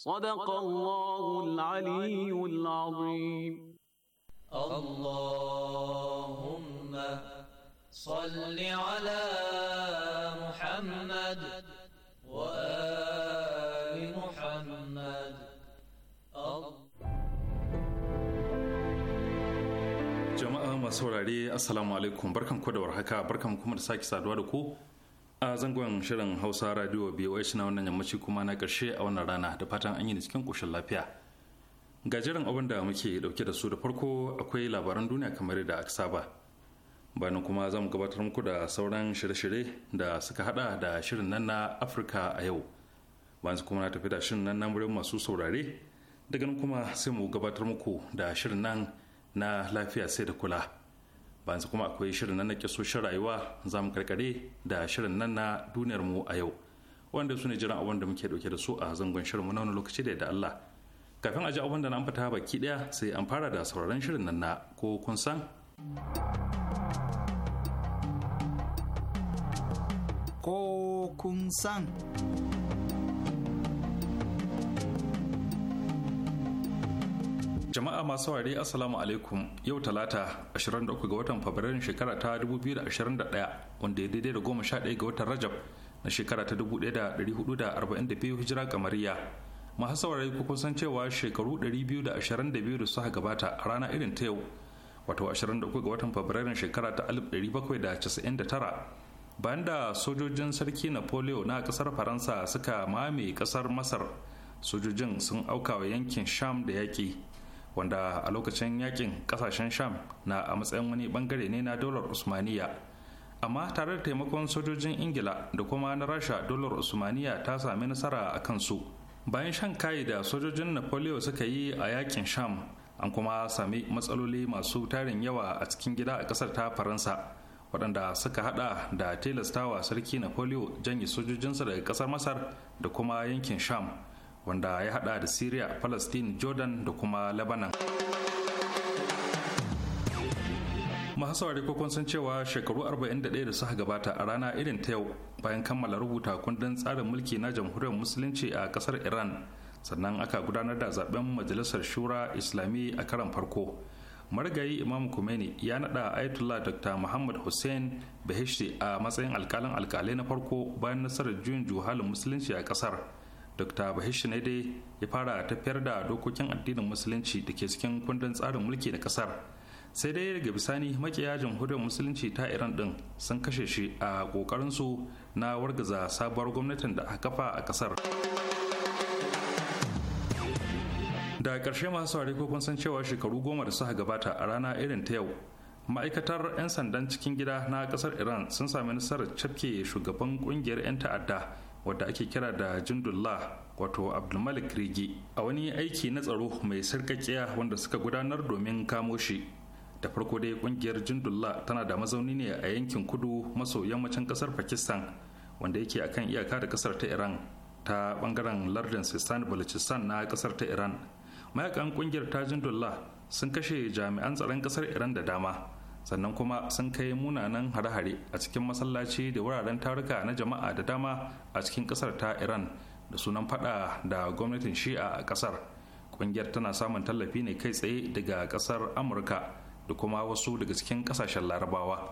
صدق الله العلي العظيم اللهم صل على محمد وآل محمد جماعة مسؤول عليه السلام عليكم بركم كده ورحكة بركم كم رساكي سادوا دكو a zangon shirin hausa radio biyu na wannan yammaci kuma na karshe a wannan rana da fatan an yi da cikin ƙoshin lafiya ga jiran abin da muke dauke da su da farko akwai labaran duniya kamar da aka saba bayan kuma za mu gabatar muku da sauran shirye-shirye da suka hada da shirin nan na afirka a yau bayan kuma na tafi da shirin nan na murin masu saurare daga nan kuma sai mu gabatar muku da shirin nan na lafiya sai da kula bayan kuma akwai shirin nan na kisoshin rayuwa za mu karkare da shirin nan na duniyar mu a yau wanda su ne jiran abin da muke dauke da su a zangon shirin mu na wani lokaci da da Allah kafin a ji abin da na amfata baki daya sai an fara da sauraron shirin nan na ko kun san ko kun san Jama'a masu ware Assalamu alaikum yau talata 23 ga watan Fabrairun shekara ta 2021 wanda ya daidai da 11 ga watan Rajab na shekara ta 1442 hijira kamariya. Masu saurari ku kusan cewa shekaru 222 da suka gabata a rana irin ta yau wato 23 ga watan Fabrairun shekara ta 1799 bayan da sojojin sarki Napoleon na kasar Faransa suka mame kasar Masar sojojin sun auka wa yankin Sham da yaƙi wanda a lokacin yakin kasashen sham na a matsayin wani bangare ne na dolar usmaniya amma tare da taimakon sojojin ingila da kuma na rasha dolar usmaniya ta sami nasara a kansu bayan shan kayi da sojojin napoleon suka yi a yakin sham an kuma sami matsaloli masu tarin yawa a cikin gida a kasar ta faransa waɗanda suka hada da tilastawa sarki napoleon janye sojojinsa daga kasar masar da kuma yankin sham wanda ya hada da syria palestine jordan da kuma lebanon masu saurari ko kun san cewa shekaru 41 da suka gabata a rana irin ta yau bayan kammala rubuta kundin tsarin mulki na jamhuriyar musulunci a kasar iran sannan aka gudanar da zaben majalisar shura islami a karan farko marigayi imam kumeni ya nada ayatollah dr muhammad hussein bahishi a matsayin alkalin alkalai na farko bayan nasarar juyin juhalin musulunci a kasar dr bahir ne dai ya fara tafiyar da dokokin addinin musulunci da ke cikin kundin tsarin mulki na kasar sai dai daga bisani makiya jamhuriyar musulunci ta iran din sun kashe shi a kokarinsu na wargaza sabuwar gwamnatin da aka kafa a kasar da ƙarshe masu saurari ko kun san cewa shekaru goma da suka gabata a rana irin ta yau ma'aikatar 'yan sandan cikin gida na kasar iran sun sami nasarar cafke shugaban kungiyar 'yan ta'adda wadda ake kira da jindullah wato abdulmalik rigi a wani aiki na tsaro mai sarkakiya wanda suka gudanar domin kamo shi da farko dai kungiyar jindullah tana da mazauni ne a yankin kudu maso yammacin kasar pakistan wanda yake akan iyaka da kasar ta iran ta bangaren lardin sistan balochistan na kasar ta iran mayakan kungiyar ta jindullah sun kashe jami'an tsaron kasar iran da dama sannan kuma sun kai munanan hare-hare a cikin masallaci da wuraren taruka na jama'a da dama a cikin kasar ta iran da sunan fada da gwamnatin shi'a a kasar Ƙungiyar tana samun tallafi ne kai tsaye daga kasar amurka da kuma wasu daga cikin kasashen larabawa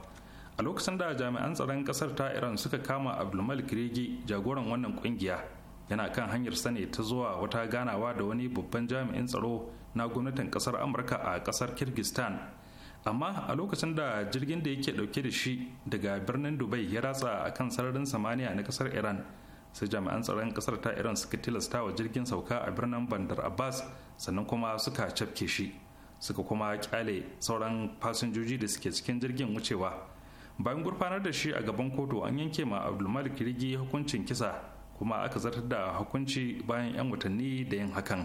a lokacin da jami'an tsaron kasar ta iran suka kama abdulmalik rigi jagoran wannan ƙungiya yana kan hanyar sani ta zuwa wata ganawa da wani babban jami'in tsaro na gwamnatin kasar amurka a kasar kirgistan amma a lokacin da jirgin da yake dauke da shi daga birnin dubai ya ratsa a kan sararin samaniya na kasar iran sai jami'an tsaron kasar ta iran suka tilasta wa jirgin sauka a birnin bandar abbas sannan kuma suka cafke shi suka kuma kyale sauran fasinjoji da suke cikin jirgin wucewa bayan gurfanar da shi a gaban kotu an yanke ma abdulmalik rigi hukuncin kisa kuma aka zartar da hukunci bayan 'yan watanni da yin hakan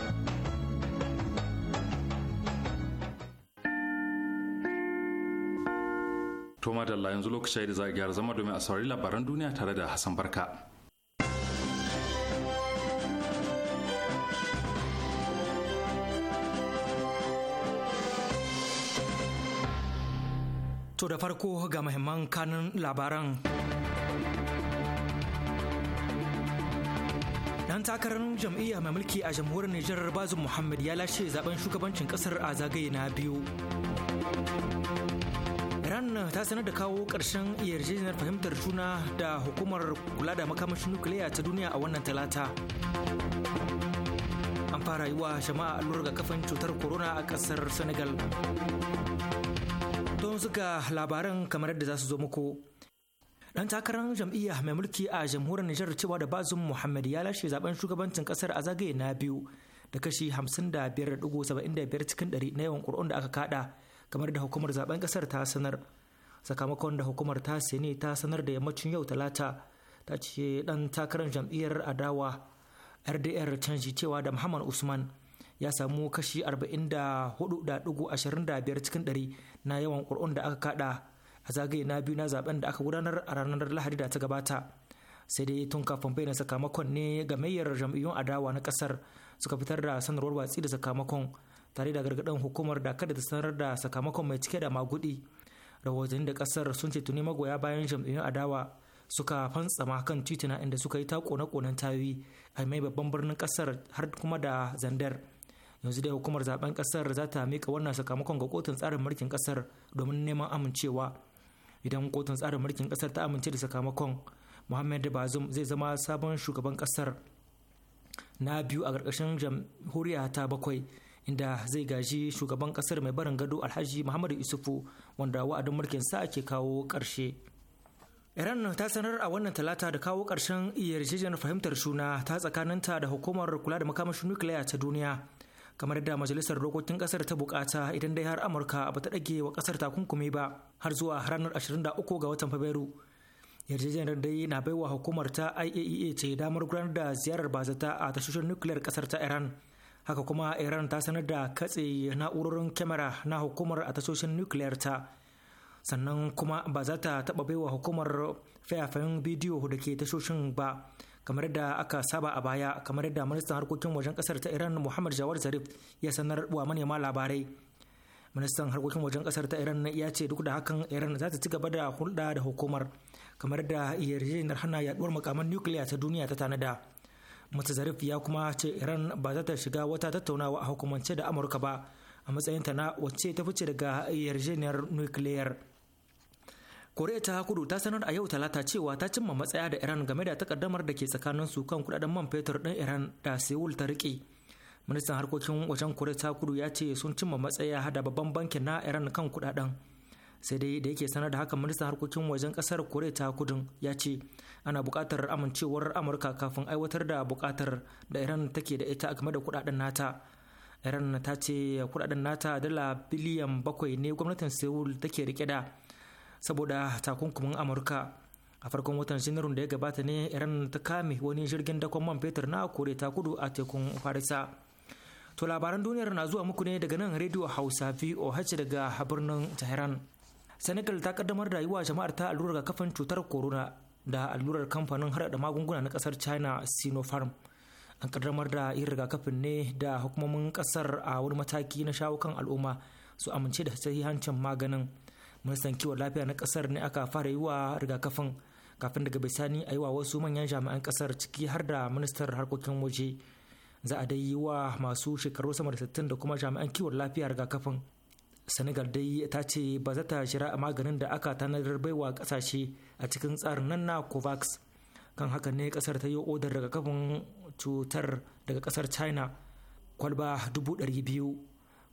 To madalla yanzu lokaci da za a zama domin a saurari labaran duniya tare da Hassan Barka. To da farko ga mahimman kanun labaran. Dan takarar jam'iyya mai mulki a jamhuriyar Nijar Bazum Muhammad ya lashe zaben shugabancin kasar a zagaye na biyu. wannan ta sanar da kawo ƙarshen yarjejeniyar fahimtar juna da hukumar kula da makamashin nukiliya ta duniya a wannan talata an fara yi wa shama'a allurar kafin cutar corona a kasar senegal don suka labaran kamar yadda za su zo muku dan takarar jam'iyya mai mulki a jamhuriyar Nijar cewa da bazum Muhammad ya lashe zaben shugabancin kasar a zagaye na biyu da kashi 55.75 cikin 100 na yawan ƙuri'un da aka kada kamar da hukumar zaben kasar ta sanar. sakamakon da hukumar ta ne ta sanar da yammacin yau talata ta ce dan takarar jam'iyyar adawa rdr canji cewa da muhammad usman ya samu kashi 44.25 cikin ɗari na yawan kur'un da aka kada a zagaye na biyu na zaben da aka gudanar a ranar lahadi da ta gabata sai dai tun kafin bayyana sakamakon ne ga mayar jam'iyyun adawa na kasar suka fitar da sanarwar watsi da sakamakon tare da gargaɗin hukumar da kada ta sanar da sakamakon mai cike da magudi rahotanni da kasar sun ce tuni magoya bayan jam'iyyun adawa suka fantsama kan titina inda suka yi ta kone-konen tayoyi a mai babban birnin kasar har kuma da zandar yanzu dai hukumar zaben kasar za ta mika wannan sakamakon ga kotun tsarin mulkin kasar domin neman amincewa idan kotun tsarin mulkin kasar ta amince da sakamakon muhammad bazum zai zama sabon shugaban kasar na biyu a ƙarƙashin jamhuriya ta bakwai inda zai gaji shugaban kasar mai barin gado alhaji muhammadu isufu wanda wa'adin mulkin sa ke kawo karshe iran ta sanar a wannan talata da kawo ƙarshen yarjejeniyar fahimtar suna ta tsakaninta da hukumar kula da makamashin nukiliya ta duniya kamar da majalisar dokokin kasar ta bukata idan dai har amurka ba ta dage wa kasar takunkumi ba har zuwa ranar 23 ga watan fabrairu yarjejeniyar dai na baiwa hukumar ta iaea e ce damar gudanar da ziyarar bazata a tashoshin nukiliyar kasar ta iran haka kuma iran ta sanar da katse na'urorin kyamara na hukumar a tashoshin nukiliyar ta sannan kuma ba za ta taɓa baiwa hukumar fayafayin bidiyo da ke tashoshin ba kamar da aka saba a baya kamar da ministan harkokin wajen kasar ta iran muhammad jawar zarif ya sanar wa manema labarai ministan harkokin wajen kasar ta iran ya ce duk da hakan iran za ta ci gaba da hulɗa da hukumar kamar da yarjejeniyar hana yaduwar makaman nukiliya ta duniya ta tanada zarif ya kuma ce Iran ba za ta shiga wata tattaunawa a hukumance da Amurka ba a matsayinta na wacce ta fice daga yarjejeniyar nukiliyar. Koriya ta kudu ta sanar a yau talata cewa ta cimma matsaya da Iran game da takaddamar da ke tsakanin su kan kudaden man fetur ɗin Iran da Seoul ta rike. Ministan harkokin wajen Koriya ta kudu ya ce sun cimma matsaya da babban bankin na Iran kan kudaden. Sai dai da yake sanar da haka ministan harkokin wajen kasar Koriya ta kudu ya ce ana buƙatar amincewar amurka kafin aiwatar da buƙatar da iran take da ita game da kudaden nata iran ta ce kudaden nata dala biliyan bakwai ne gwamnatin seoul take rike da saboda takunkumin amurka a farkon watan janairun da ya gabata ne iran ta kame wani jirgin dakon man fetur na kore ta kudu a tekun farisa to labaran duniyar na zuwa muku ne daga nan rediyo hausa voh daga birnin tehran senegal ta kaddamar da yi wa jama'ar ta allurar kafin cutar corona da allurar kamfanin da magunguna na kasar china sinopharm an kaddamar da yin rigakafin ne da hukumomin ƙasar a wani mataki na shawo kan al'umma su amince da sahihancin maganin ministan kiwon lafiya na kasar ne aka fara yiwa rigakafin kafin daga bisani a yi wa wasu manyan jami'an kasar ciki har da ministar harkokin waje za a dai yi wa masu shekaru sama da sittin da kuma jami'an kiwon lafiya rigakafin senegal dai ta ce ba za ta shira maganin da aka tanadar baiwa kasashe a cikin tsarin nan na covax kan haka ne kasar ta yi odar daga kafin cutar daga kasar china kwalba biyu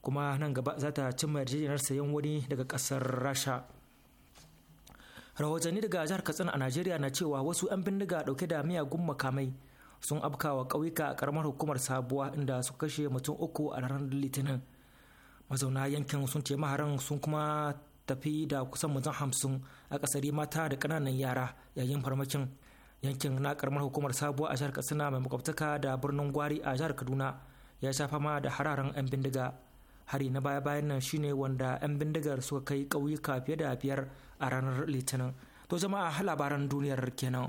kuma nan gaba za ta cimma yarjejeniyar sayan wani daga kasar rasha rahotanni daga jihar katsina a najeriya na cewa wasu 'yan bindiga dauke da miyagun makamai sun afkawa ƙauyuka a karamar hukumar sabuwa inda suka kashe mutum uku a ranar litinin mazauna yankin sun ce maharan sun kuma tafi da kusan mutum hamsin a ƙasari mata da kananan yara yayin farmakin yankin na karamar hukumar sabuwa a jihar katsina mai makwabtaka da birnin gwari a jihar kaduna ya sha fama da hararan 'yan bindiga hari na baya bayan nan shine wanda 'yan bindigar suka kai ƙauyuka fiye da biyar a ranar litinin to jama'a labaran duniyar kenan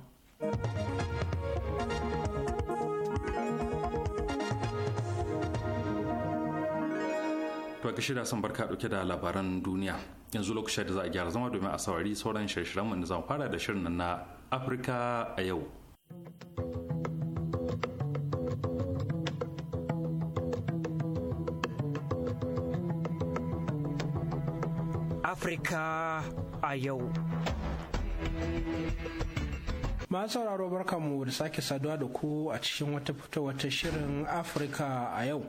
To ga shirya san barka dauke da labaran duniya. Yanzu lokaci da za a gyara zama domin a saurari sauran shirye-shiryen mu zan fara da shirin na Afirka a yau. Afirka a yau. Ma sauraro barkanmu da sake saduwa da ku a cikin wata fito wata shirin Afirka a yau.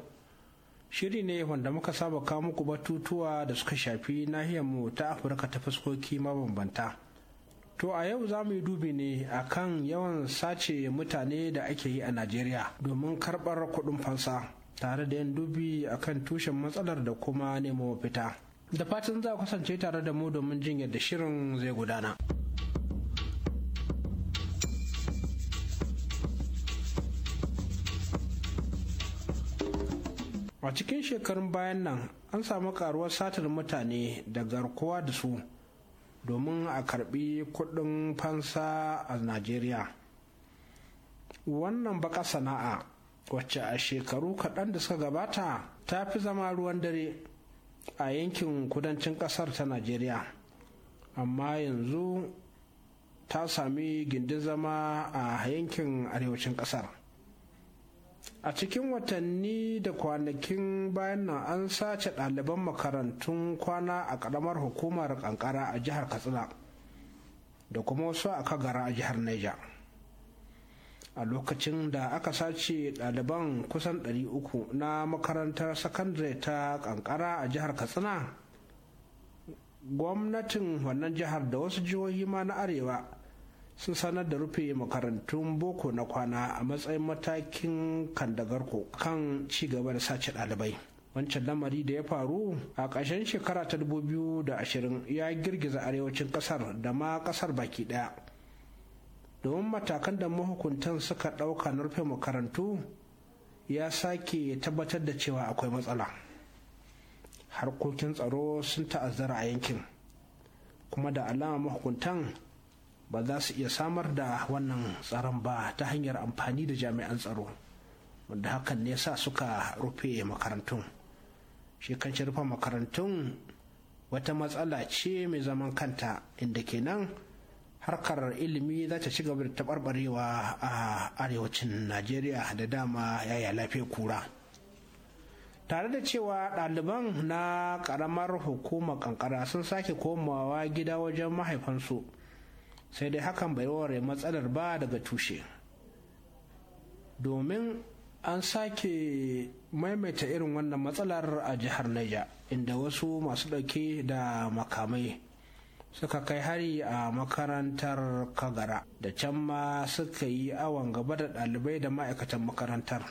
shiri ne wanda muka saba kawo muku batutuwa da suka shafi nahiyarmu ta afirka ta fuskoki mabambanta to a yau za mu yi dubi ne akan yawan sace mutane da ake yi a najeriya domin karɓar kuɗin fansa tare da yin dubi akan tushen matsalar da kuma nemo fita da fatan za kusance tare da mu domin jin yadda shirin zai gudana. a cikin shekarun bayan nan an samu karuwar satar mutane da garkuwa da su domin a karbi kudin fansa a najeriya wannan baka sana'a wacce a shekaru kaɗan da suka gabata ta fi zama ruwan dare a yankin kudancin ƙasar ta najeriya amma yanzu ta sami gindin zama a yankin arewacin ƙasar a cikin watanni da kwanakin bayan nan an sace ɗaliban makarantun kwana a ƙaramar hukumar ƙanƙara a jihar katsina da kuma wasu a kagara a jihar Neja. a lokacin da aka sace ɗaliban kusan 300 na makarantar sakandare ta ƙanƙara a jihar katsina gwamnatin wannan jihar da wasu jihohi ma na arewa sun sanar da rufe makarantun boko na kwana a matsayin matakin kandagarko kan ci gaba da sace ɗalibai wancan lamari da ya faru a ƙarshen shekara ta 2020 ya girgiza arewacin ƙasar da ma ƙasar baki ɗaya domin matakan da mahukuntan suka ɗauka na rufe makarantu ya sake tabbatar da cewa akwai matsala harkokin tsaro sun ta'azzara a yankin kuma da alama mahukuntan ba za su iya samar da wannan tsaron ba ta hanyar amfani da jami'an tsaro wanda hakan ne sa suka rufe makarantun shi kan rufe makarantun wata matsala ce mai zaman kanta inda kenan harkar ilimi za ta ci gaba da taɓarɓarewa a arewacin najeriya da dama yaya lafiya kura tare da cewa ɗaliban na ƙaramar hukumar ƙanƙara sun sake komawa gida wajen mahaifansu sai dai hakan bai ware matsalar ba daga tushe domin an sake maimaita irin wannan matsalar a jihar Niger inda wasu masu ɗauke da makamai suka kai hari a makarantar kagara da can ma suka yi awon gaba da ɗalibai da ma'aikatan makarantar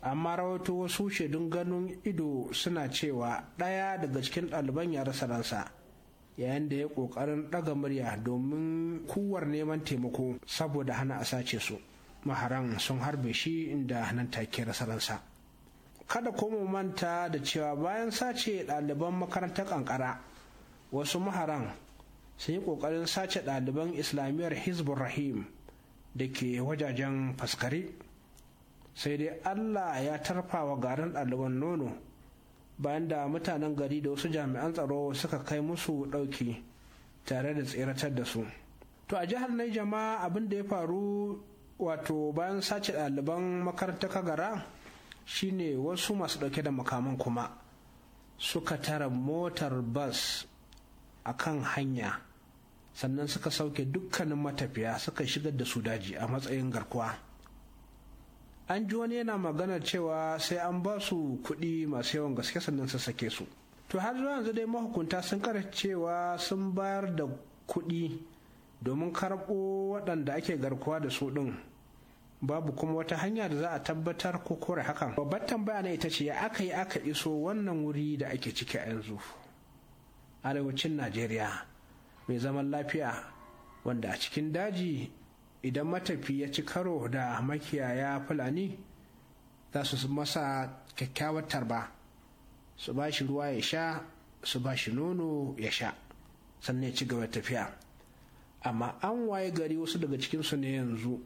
amma rawato wasu shaidun ganin ido suna cewa ɗaya daga cikin ɗaliban ya rasa ransa yayin da ya ƙoƙarin ɗaga murya domin kuwar neman taimako saboda hana a sace su maharan sun harbe shi inda nan take rasa ransa kada kuma manta da cewa bayan sace ɗaliban makarantar ƙanƙara wasu maharan sun yi ƙoƙarin sace ɗaliban islamiyyar hizbun rahim da ke wajajen faskari sai dai allah ya tarfa wa garin ɗaliban nono bayan da mutanen gari da wasu jami'an tsaro suka kai musu ɗauki tare da tseratar da su to a jihar na abin da ya faru wato bayan sace ɗaliban makarantar kagara shine wasu masu ɗauke da makaman kuma suka tara motar bas a kan hanya sannan suka sauke dukkanin matafiya suka shigar da su daji a matsayin garkuwa. an ji wani yana maganar cewa sai an ba su kuɗi masu yawan gaske sannan su sake su to har zuwa yanzu dai mahukunta sun kara cewa sun bayar da kuɗi domin karɓo waɗanda ake garkuwa da su ɗin babu kuma wata hanya da za a tabbatar ko kore hakan babbar tambaya na ita ce ya aka yi aka iso wannan wuri da ake ciki a yanzu arewacin najeriya mai zaman lafiya wanda a cikin daji idan matafi ya ci karo da makiyaya fulani za su masa kyakkyawar tarba su ba shi ruwa ya sha su ba shi nono ya sha sannan ya ci gaba tafiya amma an waye gari wasu daga cikinsu ne yanzu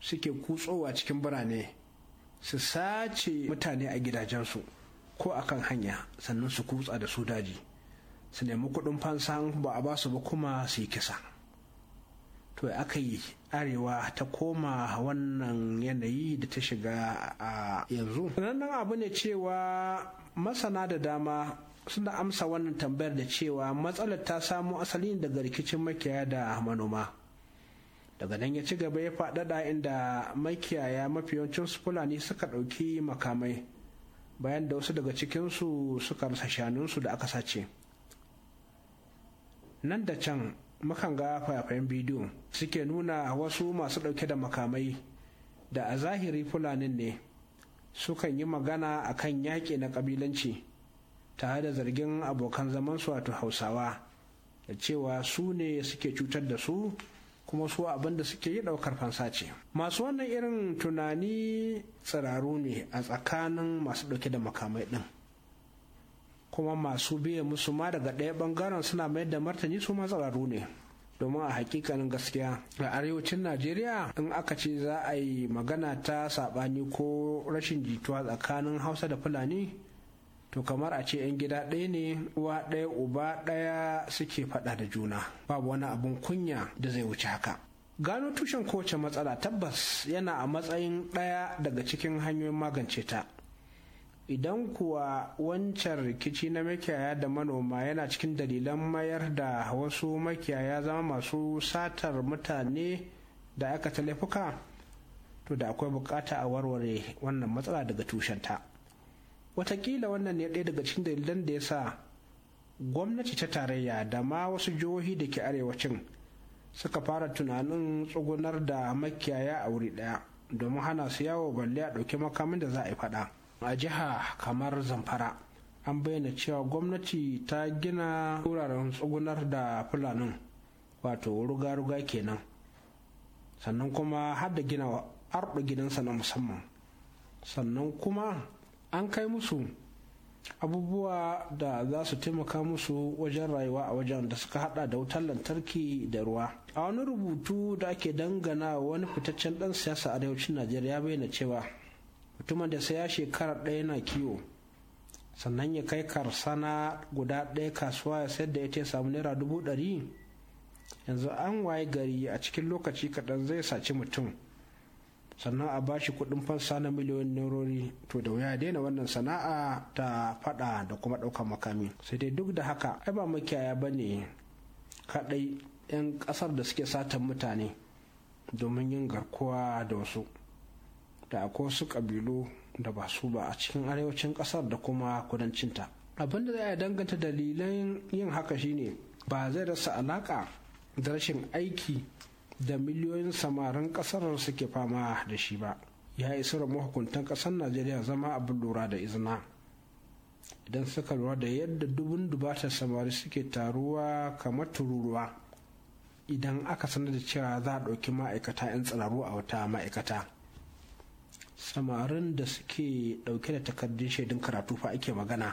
suke kutsowa cikin birane su sace mutane a gidajensu ko a kan hanya sannan su kutsa da su daji su nemi kuɗin fansa ba a ba su ba kuma su yi kisa to aka yi arewa ta koma wannan yanayi da ta shiga a yanzu nan abu ne cewa masana da dama suna amsa wannan tambayar da cewa matsalar ta samo asali daga rikicin makiyaya da manoma daga nan ya ci gaba ya faɗaɗa inda makiyaya mafi yawancin fulani suka ɗauki makamai bayan da wasu daga cikinsu suka rasa shanunsu da aka sace nan da can mukan ga fayafayen bidiyo suke nuna wasu masu ɗauke da makamai da a zahiri fulanin ne sukan yi magana a kan yaƙi na ƙabilanci tare da zargin abokan zamansu wato hausawa da cewa su ne suke cutar da su kuma su abin da suke yi ɗaukar fansa ce masu wannan irin tunani tsiraru ne a tsakanin masu ɗauke da makamai ɗin kuma masu biye musu ma daga ɗaya bangaren suna mayar da martani su ma tsararru ne domin a hakikanin gaskiya a arewacin najeriya in aka ce za a yi magana ta saɓani ko rashin jituwa tsakanin hausa da fulani to kamar a ce 'yan gida ɗaya ne uwa ɗaya uba ɗaya suke faɗa da juna babu wani abin kunya da zai wuce haka gano tushen kowace matsala tabbas yana a matsayin ɗaya daga cikin hanyoyin magance ta idan kuwa wancan rikici na makiyaya da manoma yana cikin dalilan mayar da wasu makiyaya zama masu satar mutane da aka ta laifuka to da akwai bukata a warware wannan matsala daga tushenta watakila wannan ne ɗaya daga cikin dalilan da ya sa gwamnati ta tarayya da ma wasu jihohi da ke arewacin suka fara tunanin tsugunar da makiyaya a wuri ɗaya domin hana su yawo balle a ɗauki makamin da za a yi faɗa. a jiha kamar zamfara an bayyana cewa gwamnati ta gina wuraren tsugunar da fulanin wato ruga-ruga kenan sannan kuma har da gina arɗo gidansa na musamman sannan kuma an kai musu abubuwa da za su taimaka musu wajen rayuwa a wajen da suka hada da wutar lantarki da ruwa a wani rubutu da ake dangana wani fitaccen dan siyasa arewacin najeriya bayyana cewa mutumin da sai ya shekara ɗaya na kiwo sannan ya kai karsana guda ɗaya kasuwa ya sayar da ita ya samu naira dubu ɗari yanzu an waye gari a cikin lokaci kaɗan zai saci mutum sannan a bashi kuɗin fansa na miliyoyin nerori to da wuya daina wannan sana'a ta faɗa da kuma ɗaukar makami sai dai duk da haka ai ba makiyaya ba ne kaɗai 'yan ƙasar da suke satan mutane domin yin garkuwa da wasu da akwai wasu ƙabilu da ba su ba a cikin arewacin ƙasar da kuma kudancinta abin da za danganta dalilan yin haka shine ba zai rasa alaƙa da rashin aiki da miliyoyin samarin ƙasar suke fama da shi ba ya isa da mahukuntan ƙasar najeriya zama abin lura da izina idan suka lura da yadda dubun dubatar samari suke taruwa kamar tururuwa idan aka sanar da cewa za a ɗauki ma'aikata 'yan tsaro a wata ma'aikata samarin da suke dauke da takardun shaidun karatu fa ake magana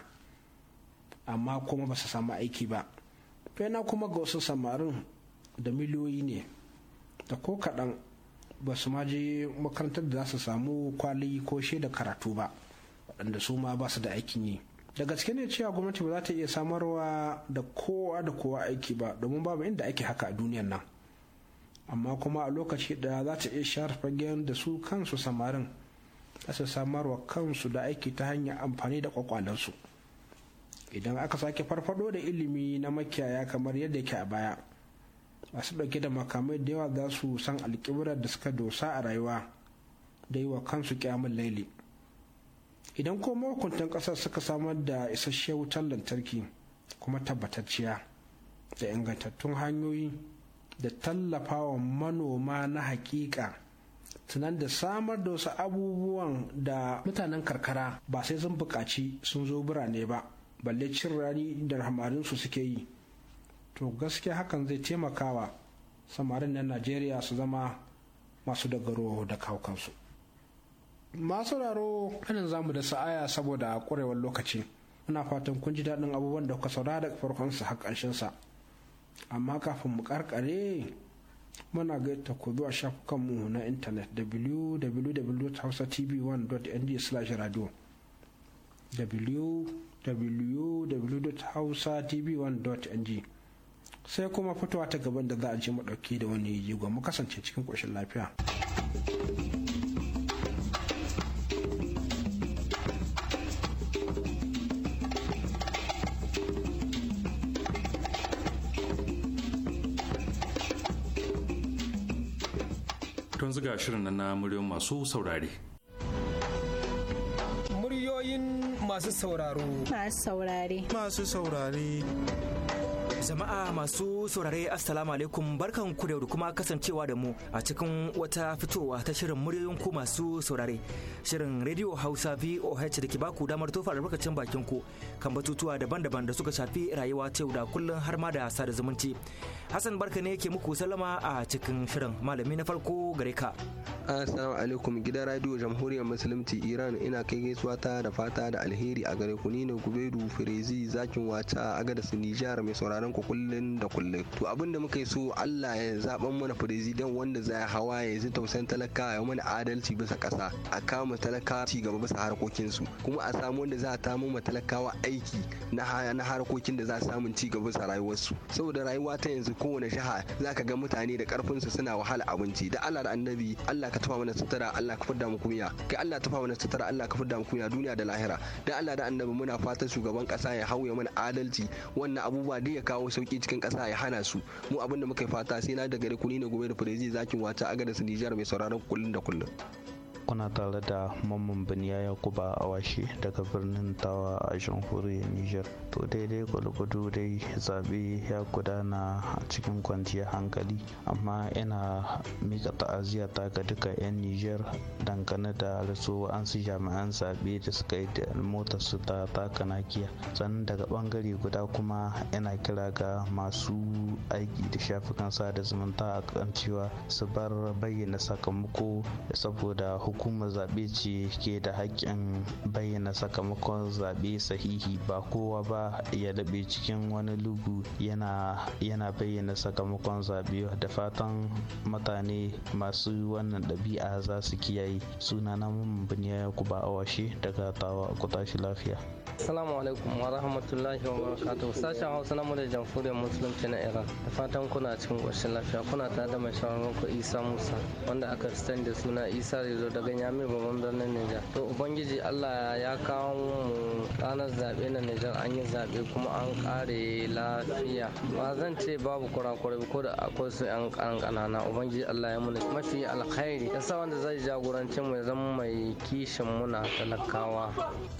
amma kuma ba su samu aiki ba yana kuma ga wasu samarin da miliyoyi ne da ko kaɗan ba su je makarantar da za su samu kwali ko shaida karatu ba waɗanda su ma ba su da aikin yi da gaske ne cewa gwamnati ba za ta iya samarwa da kowa da kowa aiki ba domin babu inda ake haka a duniyar nan amma kuma a lokaci da za ta iya share da su kansu samarin su samarwa kansu da aiki ta hanyar amfani da ƙwaƙwalansu idan aka sake farfado da ilimi na makiyaya kamar yadda ke a baya masu ɗauke da makamai da yawa za su san alƙibrar da suka dosa a rayuwa da yi wa kansu kyamun laili idan ko mahukuntan ƙasar suka samar da isasshe wutar lantarki kuma tabbatacciya da ingantattun hanyoyi da tallafawa manoma na haƙiƙa tunan da samar da wasu abubuwan da mutanen karkara ba sai sun buƙaci sun zo birane ba balle cin rani da su suke yi to gaskiya hakan zai taimakawa samarin na najeriya su zama masu dagaro da kawukansu masu raro kanin zamu da sa'aya saboda ƙwarewar lokaci muna fatan kun ji daɗin abubuwan da kuka saurara daga farkonsa har sa amma kafin mu karkare muna ga kobi a shafukanmu na intanet www.hausatv1.ng/radio www.hausatv1.ng sai kuma fitowa ta gaban da za a je mu dauke da wani jigo mu kasance cikin ƙoshin lafiya. yanzu ga shirin na muryoyin masu saurare. Muryoyin masu sauraro. Masu saurare. Masu saurare. Jama'a masu saurare Assalamu alaikum barkan ku da kuma kasancewa da mu a cikin wata fitowa ta shirin muryoyin ku masu saurare. Shirin Radio Hausa VOH da ke baku damar tofa albarkacin bakin ku kan batutuwa daban-daban da suka shafi rayuwa ta yau da kullum har ma da sada zumunci. Hassan barka ne ke muku salama a cikin shirin malami na farko gare ka. Assalamu alaikum gidan Radio Jamhuriyar Musulunci Iran ina kai gaisuwa ta da fata da alheri a gare ku ni ne Gubedu Firezi zakin wata a gada Nijar mai sauraron ku ku kullun da kullun to abin da muka so Allah ya zaben mana president wanda za ya hawa ya zai tausayin talaka ya mana adalci bisa kasa a kama talaka ci gaba bisa harkokin su kuma a samu wanda za a tamo ma talakawa aiki na na harkokin da za a samu ci gaba bisa rayuwar su saboda rayuwa ta yanzu kowane shaha zaka ga mutane da karfin su suna wahala abinci da Allah da annabi Allah ka tafa mana sutura Allah ka fidda mu kunya kai Allah tafa mana sutura Allah ka fidda mu kunya duniya da lahira da Allah da annabi muna fatan shugaban kasa ya ya mana adalci wannan abubuwa da ya kawo kawo sauki cikin kasa ya hana su mu abinda da muka fata sai na daga gare ku na gobe da firezi zakin wata agadar su Nijar mai sauraron kullun da kullum kuna tare da mamman biniya kuba a washe daga birnin tawa a jamhuriyar niger to daidai gwalgwado dai zaɓe ya gudana a cikin kwanciyar hankali amma ina mika ta'aziyya ta ga duka 'yan niger dangane da rasuwa an su jami'an zaɓe da suka yi da motar su ta taka nakiya sannan daga bangare guda kuma ina kira ga masu aiki da shafukan sada zumunta a kan cewa su bar bayyana sakamako saboda hukumar hukumar zaɓe ce ke da haƙƙin bayyana sakamakon zaɓe sahihi ba kowa ba ya daɓe cikin wani lugu yana bayyana sakamakon zaɓe da fatan mutane masu wannan ɗabi'a za su kiyaye sunana mun buniya ku ba awashe daga tawa ku tashi lafiya Assalamu alaikum wa rahmatullahi wa barakatuh. Sashen Hausa na da Jamhuriyar Musulunci na Iran. Da fatan kuna cikin ƙoshin lafiya kuna tare da mai shawarar ku Isa Musa wanda aka sani da suna Isa Rizo daga Yami babban birnin Nijar. To Ubangiji Allah ya kawo mu ranar zaɓe na Nijar an yi zaɓe kuma an ƙare lafiya. Ba zan ce babu kurakurai ko da akwai su 'yan ƙanana Ubangiji Allah ya muna mafi alkhairi. ya sa wanda zai jagorance mu ya zama mai kishin muna talakawa.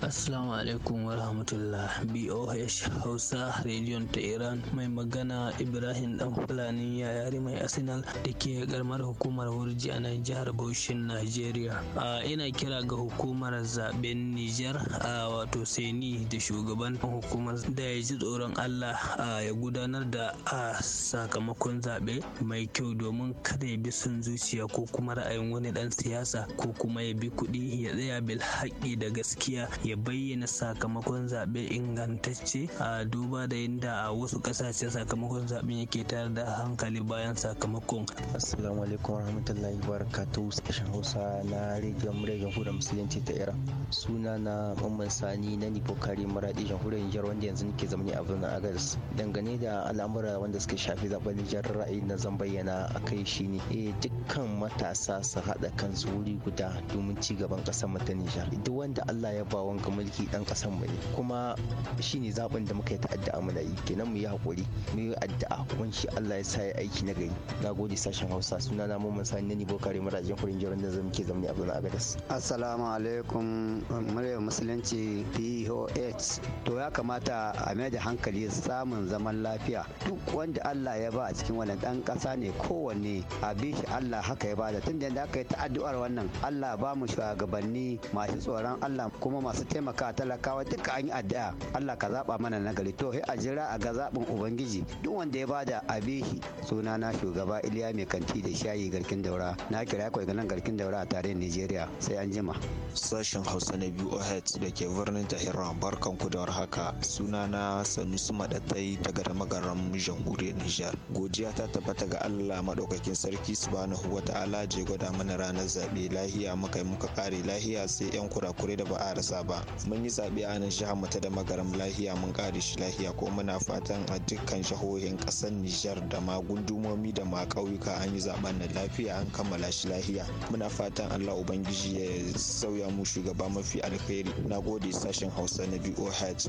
Assalamu alaikum alaikum wa rahmatullah BOH Hausa rediyon ta Iran mai magana Ibrahim Dan Fulani yayari mai Arsenal da ke karamar hukumar Wurji a nan jihar Bauchi Najeriya. ina kira ga hukumar zaben Nijar wato Seni da shugaban hukumar da ya ji tsoron Allah ya gudanar da a sakamakon zaɓe mai kyau domin kada ya bi son zuciya ko kuma ra'ayin wani dan siyasa ko kuma ya bi kuɗi ya tsaya bil haƙƙi da gaskiya ya bayyana sakamakon sakamakon zaɓe ingantacce a duba da yadda a wasu ƙasashe sakamakon zaɓen yake tare da hankali bayan sakamakon. Assalamu alaikum warahmatullahi wabarakatuh sashen Hausa na rediyon murya jamhuriyar musulunci ta Iran. Suna na Mamman Sani na Nipokari Maradi jamhuriyar Nijar wanda yanzu nake zamani a birnin Agadez. Dangane da al'amura wanda suka shafi zaɓen Nijar ra'ayi na zan bayyana a kai shi ne. Eh dukkan matasa su haɗa kansu wuri guda domin ci gaban ƙasar mu ta Nijar. Duk wanda Allah ya ba wanka mulki ɗan ƙasar kan mu kuma shine zaɓin da muka yi ta'adda muna yi kenan mu yi hakuri mu yi addu'a kuma shi Allah ya sa ya aiki na gari gode sashen Hausa suna na Muhammad Sani ne Bokare marajin kurin jiran da zan ke zamani a Bana Agadas Assalamu alaikum muryar musulunci POH to ya kamata a mai da hankali samun zaman lafiya duk wanda Allah ya ba a cikin wannan dan kasa ne kowanne a bi shi Allah haka ya bada tun da yanda aka yi ta'addu'ar wannan Allah ba mu shugabanni masu tsoron Allah kuma masu taimaka talakawa wa duka an yi addu'a Allah ka zaba mana nagari to sai a jira a ga zaɓin ubangiji duk wanda ya bada abihi suna na shugaba Iliya mai kanti da shayi garkin daura na kira kai ganin garkin daura a tarihin Najeriya sai an jima sashen Hausa na biyu Ohet da ke birnin Tehran barkan ku da warhaka suna na Sanusi Madatai daga da magaran jamhuriyar Nijar godiya ta tabbata ga Allah madaukakin sarki subhanahu ta'ala je gwada mana ranar zabe lahiya muka yi muka kare lahiya sai yan kurakurai da ba a rasa ba mun yi zaɓe a kanin jihar mu ta da magaram lahiya mun kare shi lahiya ko muna fatan a dukkan jihohin kasar Nijar da ma gundumomi da ma kauyuka an yi zaben na lafiya an kammala shi lahiya muna fatan Allah ubangiji ya sauya mu shugaba mafi alkhairi na gode sashen Hausa na ta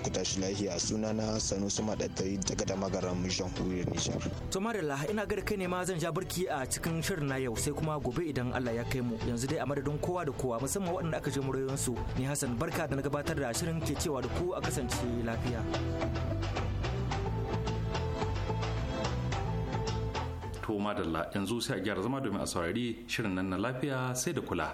ku tashi lahiya sunana Sanusi Madaddari daga da magaram jamhuriyar Nijar to madalla ina ga kai ne ma zan ja burki a cikin shirin na yau sai kuma gobe idan Allah ya kai mu yanzu dai a madadin kowa da kowa musamman waɗanda aka je murayoyin su ni Hassan barka da na gabatar da shirin ke ke cewa da ku a kasance lafiya. To madalla yanzu sai a gyara zama domin a saurari shirin nan na lafiya sai da kula.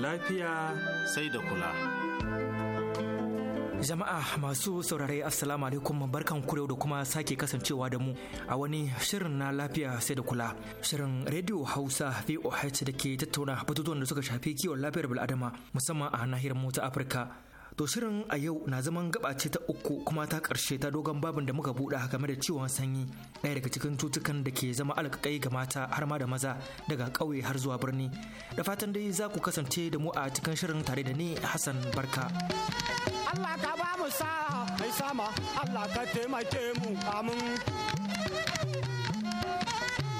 lafiya sai da kula. Jama'a masu saurare Assalamu alaikum barkan ku da kuma sake kasancewa da mu a wani shirin na lafiya sai da kula. Shirin Radio Hausa VOH da ke tattauna batutuwan da suka shafi kiwon lafiyar bil'adama musamman a nahiyar mu ta Afirka. To shirin a yau na zaman gaba ce ta uku kuma ta ƙarshe ta dogon babin da muka buɗa game da ciwon sanyi ɗaya daga cikin cutukan da ke zama alƙaƙai ga mata har ma da maza daga ƙauye har zuwa birni. Da fatan dai za ku kasance da mu a cikin shirin tare da ni Hassan Barka. Allah ka ba mu sa'a mai sama Allah ka taimake mu amin.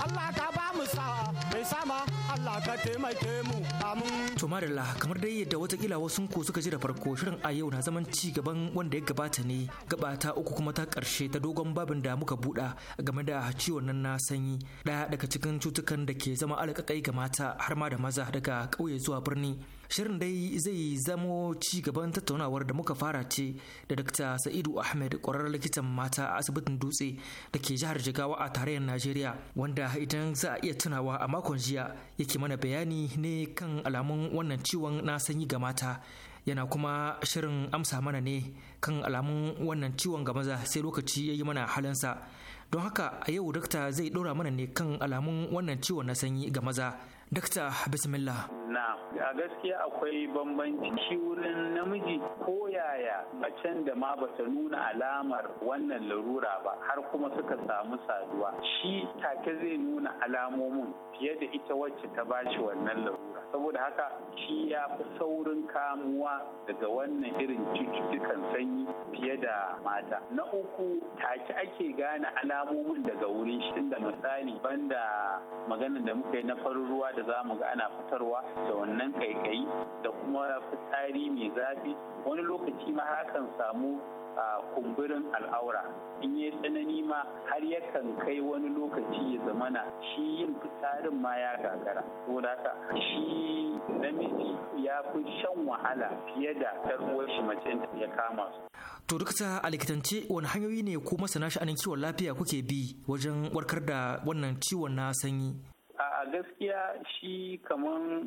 Allah ka ba mu sa'a mai sama Allah ka taimake mu amin. To Marilla kamar dai yadda watakila wasu ko suka ji da farko shirin a yau na zaman ci gaban wanda ya gabata ne gabata uku kuma ta karshe ta dogon babin da muka buɗa game da ciwon nan na sanyi ɗaya daga cikin cutukan da ke zama alaƙaƙai ga mata har ma da maza daga ƙauye zuwa birni. shirin dai zai zamo ci gaban tattaunawar da muka fara ce da dr sa'idu ahmed kwararren likitan mata a asibitin dutse da ke jihar jigawa a tarayyar najeriya wanda idan za a iya tunawa a makon jiya yake mana bayani ne kan alamun wannan ciwon na sanyi ga mata yana kuma shirin amsa mana ne kan alamun wannan ciwon ga maza sai lokaci ya yi mana halinsa don haka a yau dakta zai ɗora mana ne kan alamun wannan ciwon na sanyi ga maza Dakta Bismillah. Na, a gaskiya akwai bambanci shi wurin namiji ko yaya can da ma ba ta nuna alamar wannan larura ba har kuma suka samu saduwa. Shi take zai nuna alamomin fiye da ita wacce ta bashi wannan larura. Saboda haka shi ya fi saurin kamuwa daga wannan irin cututtukan sanyi fiye da mata. Na uku take ake gane alamomin daga wurin shi da misali banda maganar da muka yi na farin ruwa da za mu ga ana fitarwa da wannan kaikayi da kuma fitsari mai zafi wani lokaci ma hakan samu a kumburin al'aura in yi tsanani ma har yakan kai wani lokaci ya zamana shi yin fitsarin ma ya gagara saboda haka shi namiji ya fi shan wahala fiye da karuwar shi mace ya kama su to duk a likitance wani hanyoyi ne ko masana sha'anin kiwon lafiya kuke bi wajen warkar da wannan ciwon na sanyi a gaskiya shi kamar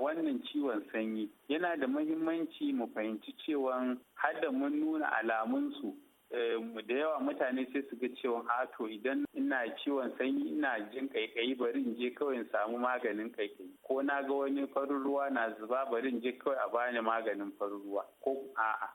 wannan ciwon sanyi yana da mahimmanci mu fahimci cewa hada mun nuna alamunsu eh, da yawa mutane sai su ga cewa ah, to idan ina ciwon sanyi ina jin kaikayi bari in je kawai in samu maganin kaikayi ko na ga wani farin ruwa na zuba bari in je kawai a bani maganin farin ruwa ko a'a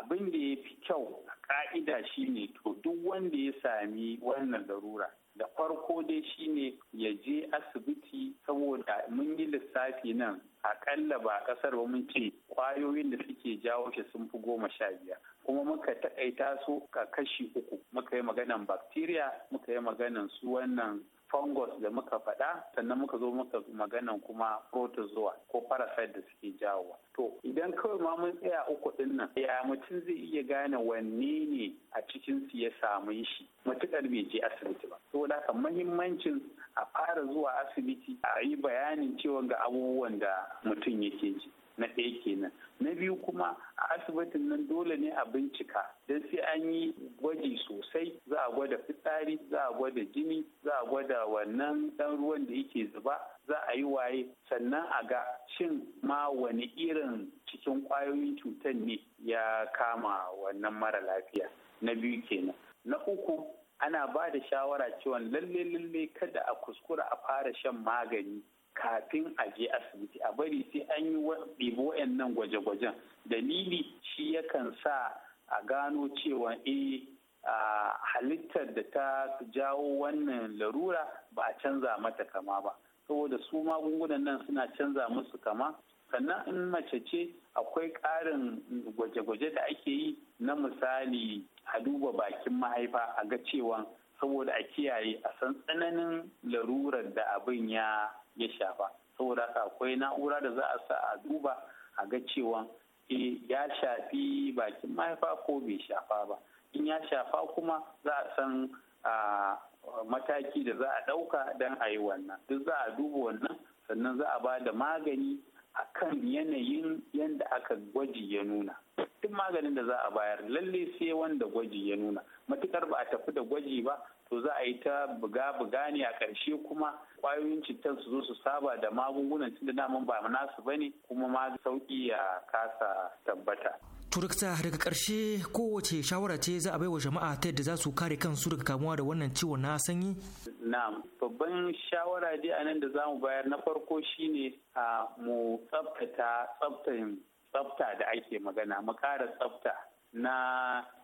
abin da ya fi kyau a ka'ida shine to duk wanda ya sami wannan larura da farko dai shine ya je asibiti saboda mun yi lissafi nan akalla ba kasar ba mun ce kwayoyin da suke jawo shi sun fi goma sha biyar kuma muka taƙaita su ka kashi uku muka yi maganan bacteria muka yi maganan su wannan fungus da muka faɗa sannan muka zo muka maganan kuma protozoa ko parasite da suke jawowa to idan kawai ma mun tsaya uku din nan ya mutum zai iya gane wanne ne a cikin su ya samu shi matukar bai je asibiti ba saboda haka mahimmancin a fara zuwa asibiti a yi bayanin cewa ga abubuwan da mutum yake ji na ɗaya kenan na biyu kuma a asibitin nan dole ne a bincika don sai an yi gwaji sosai za a gwada fitsari za a gwada jini za a gwada wannan ɗan ruwan da yake zuba za a yi waye sannan a ga shin ma wani irin cikin ƙwayoyin cutar ne ya kama wannan mara lafiya na biyu kenan na uku ana ba da shawara cewa lalle lalle kada a kuskura a fara shan magani kafin a je asibiti a bari sai an yi ɗibo nan gwaje-gwajen dalili shi yakan sa a gano cewa eh halittar da ta jawo wannan larura ba a canza mata kama ba saboda su magungunan nan suna canza musu kama sannan in mace ce akwai ƙarin gwaje-gwaje da ake yi na misali a duba bakin mahaifa a ga cewa saboda a kiyaye a san tsananin larurar da abin ya ya shafa saboda haka akwai na'ura da za a sa a duba a ga cewa eh, ya shafi bakin mahaifa ko bai shafa ba in ya shafa kuma za a san mataki da za a ɗauka don a yi wannan duk za a duba wannan sannan za a ba da magani a kan yanayin yadda aka gwaji ya nuna duk maganin da za a bayar lalle sai wanda gwaji ya nuna matukar ba a tafi da gwaji ba to za a yi ta buga-buga ne a ƙarshe kuma ƙwayoyin cutar su zo su saba da magungunan tun da naman ba nasu ba ne kuma ma sauƙi ya kasa tabbata. Turkta daga ƙarshe kowace shawara ce za a baiwa jama'a ta yadda za su kare kansu daga kamuwa da wannan ciwon na sanyi? Na'am, babban shawara dai a nan da za mu bayar na farko shine a mu tsabtata tsabtan tsabta da ake magana, mu kara tsabta na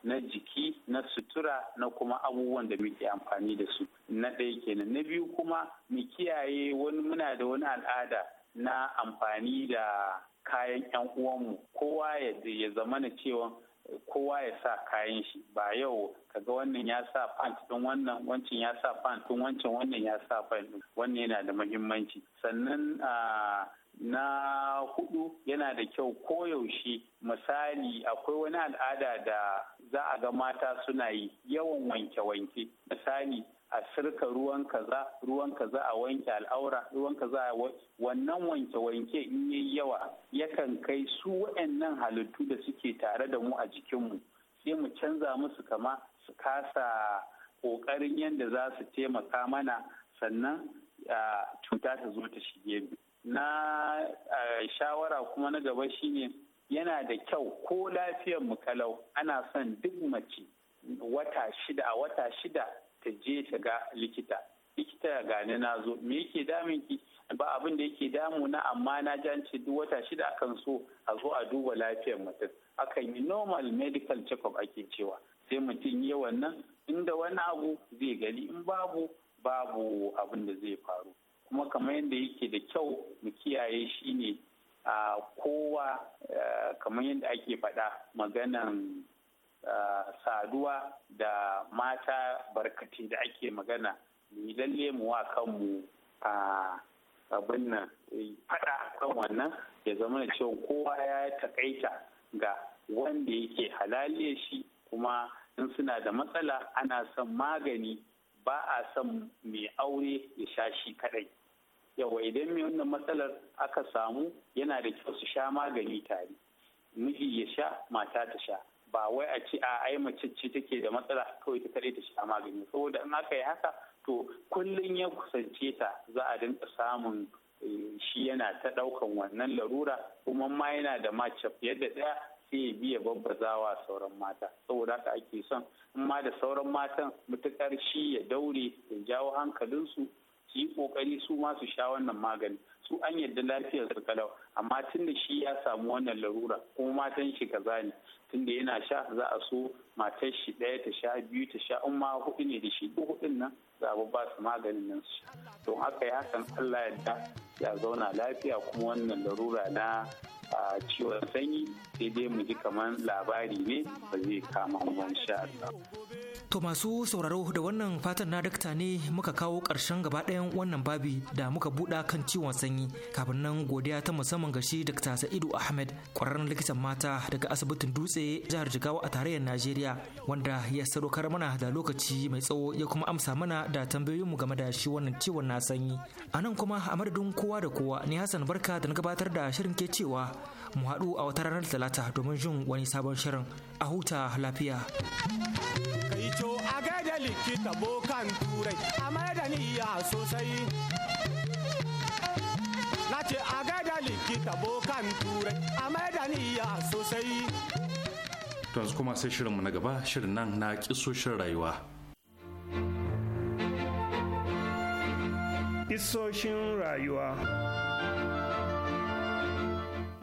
na jiki na sutura na kuma abubuwan da muke amfani da su na ɗaya kenan na biyu kuma mu kiyaye wani muna da wani al'ada na amfani da kayan yan uwanmu kowa ya na cewa kowa ya sa kayan shi ba yau kaga wannan ya sa pant din wannan wancin ya sa pant din wancan wannan ya sa pant din wannan yana da muhimmanci sannan ah, na hudu yana da kyau koyaushe misali akwai wani al'ada da za a ga mata suna yi yawan wanke-wanke misali a sirka ruwan kaza ruwan kaza a wanke al'aura ruwan kaza a wannan wanke-wanke in yi yawa yakan kai su waɗannan halittu da suke tare da mu a jikinmu sai mu canza musu kama su kasa ƙoƙarin yadda za su taimaka mana sannan ah, cuta ta zo ta shige mu na shawara kuma na gaba shine yana da kyau ko lafiyar mu kalau ana son duk mace wata shida a wata shida ta je ta ga likita likita gane na zo me yake damun ki ba abin da yake damu na amma na janci duk wata shida akan so a zo a duba lafiyar mutum akan yi normal medical check-up ake cewa sai mutum yi wannan inda wani abu zai gani in babu babu abin da zai faru kuma kamar yadda yake da kyau mu kiyaye shi ne a kowa kamar yadda ake faɗa maganan saduwa da mata barkati da ake magana mu lalle mu wa kanmu a abin nan faɗa kan wannan ya zama da cewa kowa ya taƙaita ga wanda yake halaliya shi kuma in suna da matsala ana son magani ba a son mai aure ya sha shi kaɗai. yawa idan mai wannan matsalar aka samu yana da kyau su sha magani tare miji ya sha mata ta sha ba wai a ce a ai mace ce take da matsala kawai ta kare ta sha magani saboda in aka yi haka to kullum ya kusance ta za a dinka samun eh, shi yana ta ɗaukan wannan larura kuma ma yana da mace fiye da ɗaya sai ya biya babbazawa sauran mata saboda haka ake son in ma da sauran matan mutukar shi ya daure ya jawo hankalinsu su yi kokari su ma su sha wannan magani su an yarda lafiyar su kalau amma tun da shi ya samu wannan larura kuma matan shi kaza ne tunda yana sha za a so matar shi ɗaya ta sha biyu ta sha in ma hudu ne da shi ko hudun nan za a ba su maganin nan su don haka ya hakan Allah yadda ya zauna lafiya kuma wannan larura na a ciwon sanyi sai dai mu ji kamar labari ne ba zai kama ruwan sha To masu sauraro da wannan fatan na dakta ne muka kawo ƙarshen gaba ɗayan wannan babi da muka buɗa kan ciwon sanyi yi kafin nan godiya ta musamman ga shi Dr. Sa'idu Ahmed ƙwararren likitan mata daga asibitin Dutse jihar Jigawa a tarayyar Najeriya wanda ya sadaukar mana da lokaci mai tsawo ya kuma amsa mana da tambayoyinmu game da shi wannan ciwon na sanyi. A nan kuma a madadin kowa da kowa ni Hassan Barka da na gabatar da shirin ke cewa mu haɗu a wata ranar Talata domin jin wani sabon shirin a huta lafiya. Kai a gaida likita bokan turai a iya sosai ce a gaida likita bokan turai a madaniya sosai. To yanzu kuma sai shirinmu na gaba shirin nan na kisoshin rayuwa. Kisoshin rayuwa.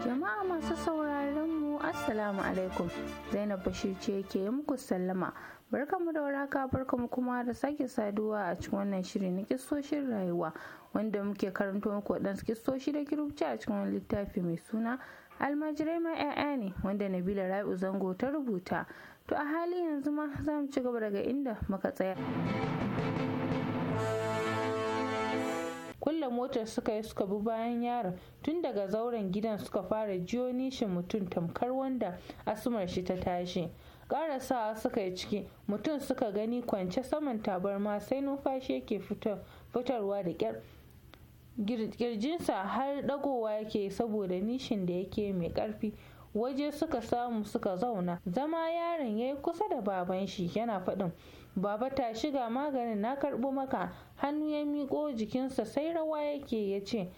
Jama'a masu sauraron mu Assalamu alaikum Zainab Bashir ce ke muku sallama. barkamu da waraka barkamu kuma da sake saduwa a cikin wannan shiri na kistoshin rayuwa wanda muke karanto muku waɗansu kistoshi da kirubci a cikin wani littafi mai suna almajirai ma 'ya'ya ne wanda nabila rai'u zango ta rubuta to a hali yanzu ma za mu ci gaba daga inda muka tsaya kulle motar suka yi suka bi bayan yaron tun daga zauren gidan suka fara jiyo nishin mutum tamkar wanda asumar shi ta tashi karasawa suka yi ciki mutum suka gani kwance saman tabarma sai numfashi yake fitarwa da kyar girjinsa har dagowa yake saboda nishin da yake mai ƙarfi waje suka samu suka zauna zama yaron ya yi kusa da baban shi yana faɗin baba ta shiga maganin na karɓo maka hannu ya miƙo jikinsa sai rawa yake ya ce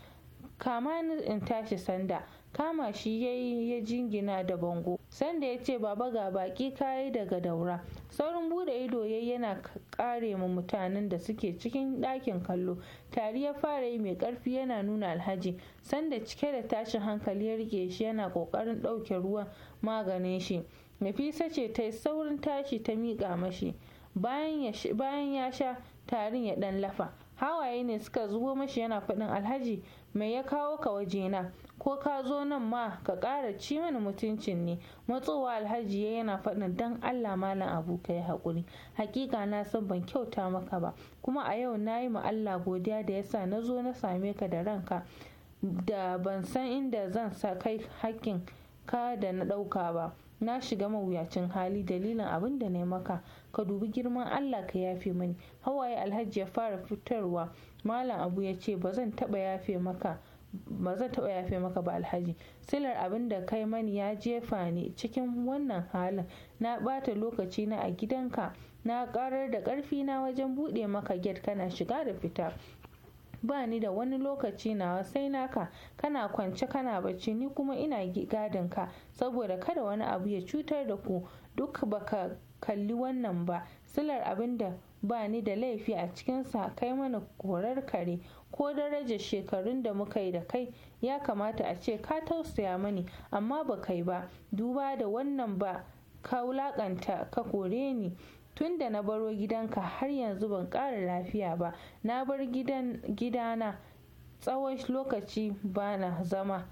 kama in tashi sanda kama shi ya yi ya jingina da bango sanda ya ce baba ga baki kayi daga daura saurin bude ido yayi yana kare ma mutanen da suke cikin ɗakin kallo tari ya fara yi mai karfi yana nuna alhaji sanda cike da tashin hankali ya rike shi yana kokarin ɗauke ruwan maganin shi nafisa ce ta yi saurin tashi ta miƙa mashi bayan ya sha tarin ya ɗan lafa hawaye ne suka zubo mashi yana faɗin alhaji mai ya kawo ka wajena ko ka zo nan ma ka ƙara ci mana mutuncin ne matsowa alhaji ya yana faɗin dan allah malam abu ka yi haƙuri haƙiƙa na san ban kyauta maka ba kuma a yau na yi ma allah godiya da yasa na zo na same ka da ranka da ban san inda zan sa kai hakkin ka da na ɗauka ba na shiga mawuyacin hali dalilin abin da na maka ka dubi girman allah ka yafe mani hawaye alhaji ya fara fitarwa malam abu ya ce ba zan taɓa yafe maka ba zan taɓa yafe maka ba alhaji silar abin da kai mani ya jefa ni cikin wannan halin na bata lokaci na a gidanka na karar da ƙarfi na wajen buɗe maka get kana shiga da fita ba ni da wani lokaci nawa sai naka kana kwance kana bacci ni kuma ina gadin ka saboda kada wani abu ya cutar da ku duk baka kalli wannan ba silar abin da ba ni da laifi a cikinsa kai mana korar kare ko daraja shekarun da muka yi da kai ya kamata a ce ka tausaya mani amma ba kai ba duba da wannan ba ka wulakanta ka kore ni tun da na baro gidanka har yanzu ban ƙara lafiya ba na bar gidana tsawon lokaci ba na zama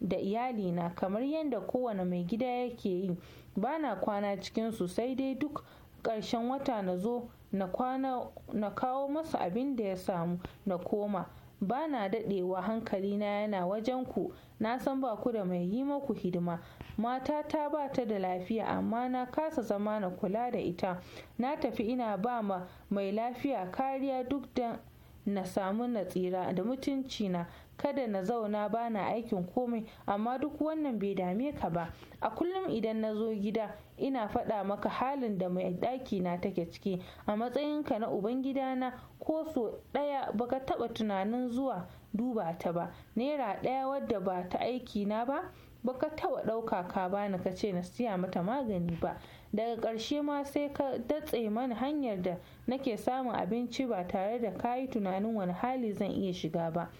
da iyalina kamar yadda kowane mai gida yake yi ba na kwana cikinsu sai dai duk ƙarshen wata na zo na kawo masa abin da ya samu na koma ba na hankali na yana wajen ku na san ba ku da mai yi maku hidima mata ta ba ta da lafiya amma na kasa zama na kula da ita na tafi ina ba ma mai lafiya kariya duk da na samu na tsira da mutunci na kada na zauna bana aikin komai amma duk wannan bai dame ka ba a kullum idan na zo gida ina faɗa maka halin da mai ɗaki na take ciki a matsayinka na na ko so ɗaya baka taɓa tunanin zuwa duba ta ba naira ɗaya wadda ba ta aiki na ba baka taɓa ɗauka ka bani ka ce na siya mata magani ba daga ƙarshe ma sai ka datse mani hanyar da nake samun abinci ba tare da ka yi tunanin wani hali zan iya shiga ba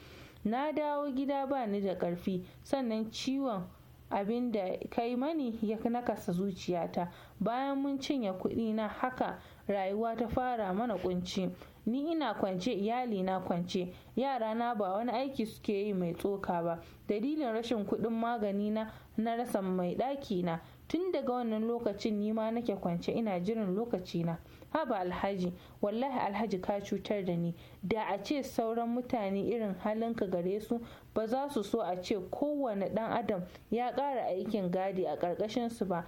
na dawo gida bani da ƙarfi sannan ciwon abin da kai mani ya nakasa zuciyata bayan mun cinye kuɗi na haka rayuwa ta fara mana kunci ni ina kwance iyali na kwance yarana ba wani aiki suke yi mai tsoka ba dalilin rashin kuɗin magani na na rasa mai ɗaki na tun daga wannan lokacin ni ma nake kwance ina jiran lokaci na haba alhaji wallahi alhaji ka cutar da ni da a ce sauran mutane irin halinka gare su ba za su so a ce kowane dan adam ya ƙara aikin gadi a ƙarƙashin su ba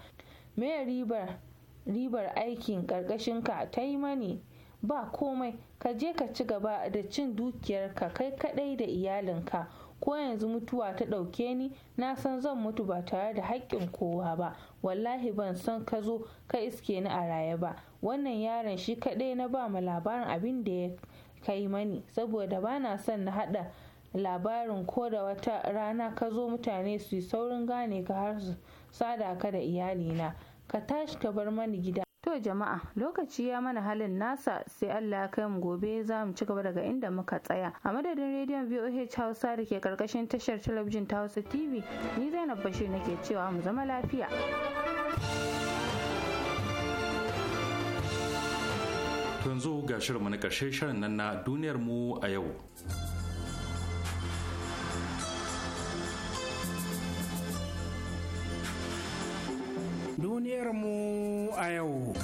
me ribar ribar aikin ƙarƙashin ka ta yi mani ba komai ka je ka ci gaba da cin dukiyar ka kai kadai da iyalin ka ko yanzu mutuwa ta ɗauke ni na san zan mutu ba tare da haƙƙin kowa ba wallahi ban san ka zo ka iske ni a raye ba wannan yaron shi kaɗai na ba ma labarin abin da ya kai mani saboda ba na son na haɗa labarin ko da wata rana ka zo mutane su yi saurin gane ka har su sada ka da iyalina ka tashi ka bar mani gida To jama'a lokaci ya mana halin nasa sai Allah ya kai mu gobe za mu ci gaba daga inda muka tsaya. A madadin rediyon VOH Hausa da ke karkashin tashar talabijin ta Hausa TV ni Zainab Bashir nake cewa mu zama lafiya. yanzu ga shirin na ƙarshe shirin nan na duniyar mu a yau. duniyarmu a yau.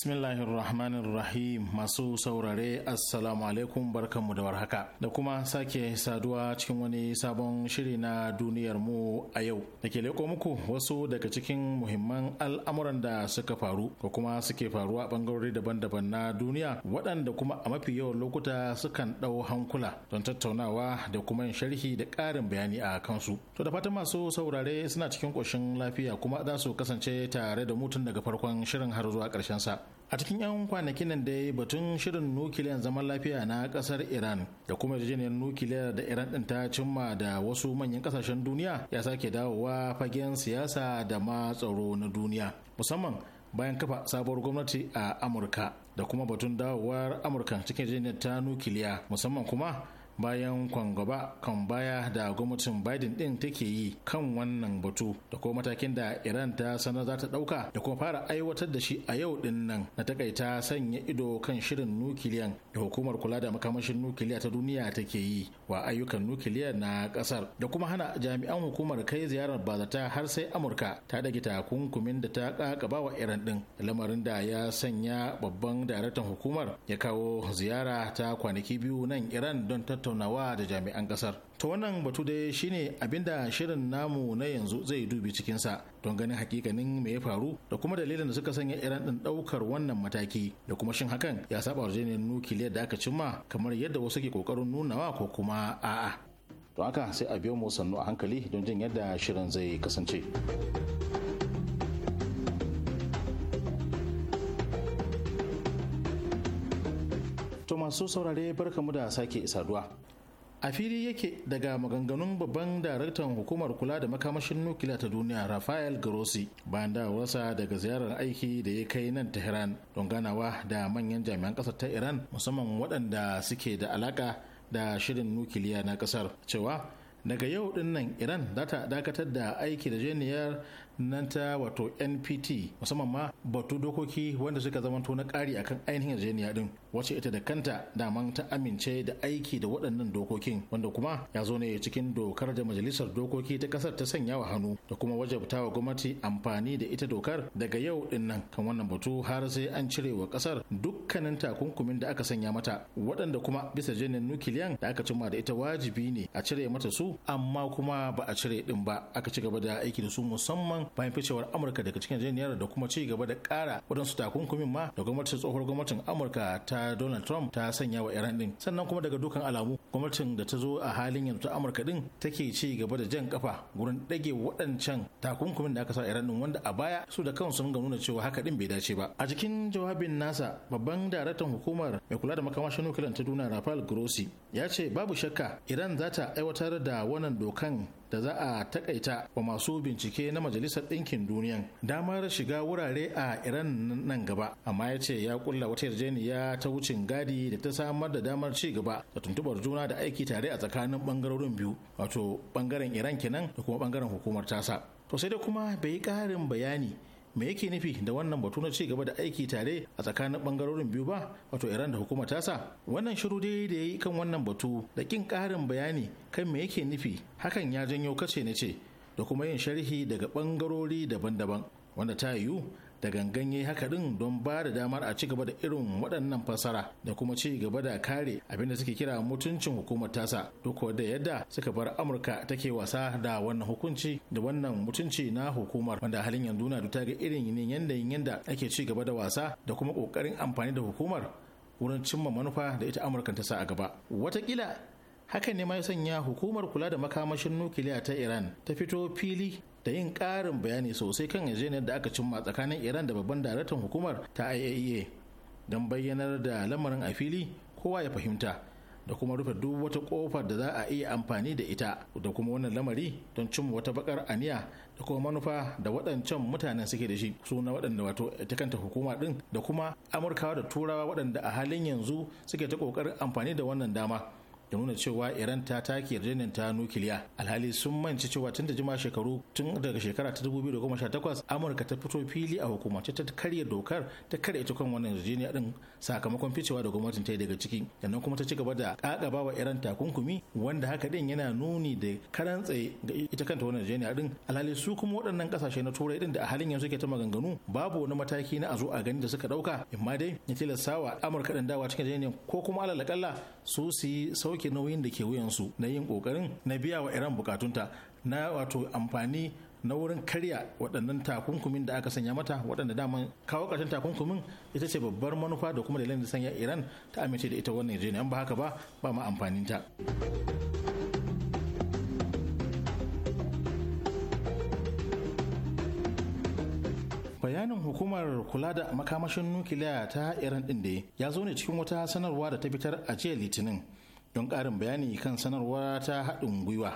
Bismillahirrahmanirrahim masu saurare assalamu alaikum barkanmu da warhaka da kuma sake saduwa cikin wani sabon shiri na duniyar mu a yau da ke leko muku wasu daga cikin muhimman al'amuran da suka faru ko kuma suke faruwa bangarori daban-daban na duniya waɗanda kuma a mafi yawan lokuta sukan ɗau hankula don tattaunawa da kuma sharhi da ƙarin bayani a kansu to da fatan masu saurare suna cikin ƙoshin lafiya kuma za su kasance tare da mutum daga farkon shirin har zuwa ƙarshen sa a cikin 'yan kwanakin nan dai batun shirin nukiliyar zaman lafiya na kasar iran da kuma yarjejeniyar nukiliyar da iran din ta cimma da wasu manyan kasashen duniya ya sake dawowa fagen siyasa da ma tsaro na duniya musamman bayan kafa sabuwar gwamnati a amurka da kuma batun dawowar amurka cikin yarjejeniyar ta nukiliya musamman kuma bayan kwangaba kan baya da gwamnatin biden din take yi kan wannan batu da kuma matakin da iran ta sanar za ta dauka da kuma fara aiwatar da shi a yau din nan na takaita sanya ido kan shirin nukiliyan da hukumar kula da makamashin nukiliya ta duniya take yi wa ayyukan nukiliya na kasar da kuma hana jami'an hukumar kai ziyarar bazata har sai amurka ta dage takunkumin da ta kakaba wa iran din lamarin da ya sanya babban daraktan hukumar ya kawo ziyara ta kwanaki biyu nan iran don tattauna tattaunawa da jami'an kasar ta wannan batu dai shine abinda shirin namu na yanzu zai dubi cikinsa don ganin hakikanin mai ya faru da kuma dalilin da suka sanya iran din daukar wannan mataki da kuma shin hakan ya saba yarjejeniyar nukiliyar da aka cimma kamar yadda wasu ke kokarin nunawa ko kuma a'a to haka sai a biyo mu sannu a hankali don jin yadda shirin zai kasance to masu saurare barkamu da sake saduwa a fili yake daga maganganun babban daraktan hukumar kula da makamashin nukiliya ta duniya rafael grossi bayan dawarsa daga ziyarar aiki da ya kai nan tehran don ganawa da manyan jami'an kasar ta iran musamman waɗanda suke da alaka da shirin nukiliya na ƙasar cewa daga yau din nan iran za ta dakatar da aiki da jeniyar nan ta wato npt musamman ma batu dokoki wanda suka zamanto na ƙari akan ainihin yarjejeniya din wacce ita da kanta daman ta amince da aiki da waɗannan dokokin wanda kuma ya zo ne cikin dokar da majalisar dokoki ta ƙasar ta sanya wa hannu da kuma wajabta wa gwamnati amfani da ita dokar daga yau din nan kan wannan batu har sai an cire wa ƙasar dukkanin takunkumin da aka sanya mata waɗanda kuma bisa jinin nukiliyan da aka cimma da ita wajibi ne a cire mata su amma kuma ba a cire din ba aka ci gaba da aiki da su musamman bayan ficewar amurka daga cikin janiyar da kuma ci gaba da kara waɗansu takunkumin ma da gwamnatin tsohuwar gwamnatin amurka ta donald trump ta sanya wa iran din sannan kuma daga dukan alamu gwamnatin da ta zo a halin yanzu ta amurka din take ci gaba da jan kafa gurin dage waɗancan takunkumin da aka sa iran din wanda a baya su da kansu sun ga nuna cewa haka din bai dace ba a cikin jawabin nasa babban daraktan hukumar mai kula da makamashin nukiliyar ta duna rafael grossi ya ce babu shakka iran za ta aiwatar da wannan dokan da za a takaita wa masu bincike na majalisar ɗinkin Duniya damar shiga wurare a iran nan gaba amma ya ce ya kulla wata yarjejeniya ta wucin gadi da ta samar da damar ci gaba da tuntubar juna da aiki tare a tsakanin bangarorin biyu wato bangaren iran kenan da kuma bangaren hukumar tasa to sai dai kuma bai yi ƙarin bayani me yake nufi da wannan batu na cigaba gaba da aiki tare a tsakanin bangarorin biyu ba wato iran da hukuma ta sa wannan shiru dai da ya yi kan wannan batu da kin karin bayani kan me yake nufi hakan ya janyo kace na ce da kuma yin sharhi daga bangarori daban-daban wanda ta yiwu da gangan yayi haka din don ba da damar a ci gaba da irin waɗannan fasara da kuma ci gaba da kare abinda suke kira mutuncin hukumar tasa duk da yadda suka bar Amurka take wasa da wannan hukunci da wannan mutunci na hukumar wanda halin yanzu na ta ga irin yin yanda yanda ake ci gaba da wasa da kuma kokarin amfani da hukumar wurin cimma manufa da ita Amurka ta sa a gaba watakila hakan ne ma ya sanya hukumar kula da makamashin nukiliya ta Iran ta fito fili da yin ƙarin bayani sosai kan yarjejeniyar da aka cimma tsakanin iran da babban daraktan hukumar ta iaea e don bayyanar da lamarin a fili kowa ya fahimta da kuma rufe duk wata kofar da za a iya amfani da ita da kuma wannan lamari don cimma wata bakar aniya da kuma manufa da waɗancan mutanen suke da shi suna waɗanda wato ita kanta hukuma ɗin da kuma amurkawa da turawa waɗanda a halin yanzu suke ta ƙoƙarin amfani da wannan dama da nuna cewa iran ta take yarjejeniyar ta nukiliya alhali sun manci cewa tun da jima shekaru tun daga shekara ta 2018 amurka ta fito fili a hukumance ta karya dokar ta karya ita kan wannan yarjejeniya din sakamakon ficewa da gwamnatin ta daga ciki sannan kuma ta ci gaba da kakaba wa iran takunkumi wanda haka din yana nuni da karan ga ita kanta wannan yarjejeniya din alhali su kuma waɗannan kasashe na turai din da a halin yanzu ke ta maganganu babu wani mataki na a zo a gani da suka ɗauka imma dai tilasta wa amurka dan dawa cikin yarjejeniyar ko kuma alalakalla su su yi sauke nauyin da ke wuyansu na yin kokarin na biya wa iran bukatunta na wato amfani na wurin karya waɗannan takunkumin da aka sanya mata waɗanda daman kawo ƙarshen takunkumin ita ce babbar manufa da kuma dalilin da sanya iran ta amince da ita wannan yarjejeniya ba haka ba ba ma amfaninta. bayanin hukumar kula da makamashin nukiliya ta iran din da ya zo ne cikin wata sanarwa da ta fitar a jiya litinin don karin bayani kan sanarwa ta haɗin gwiwa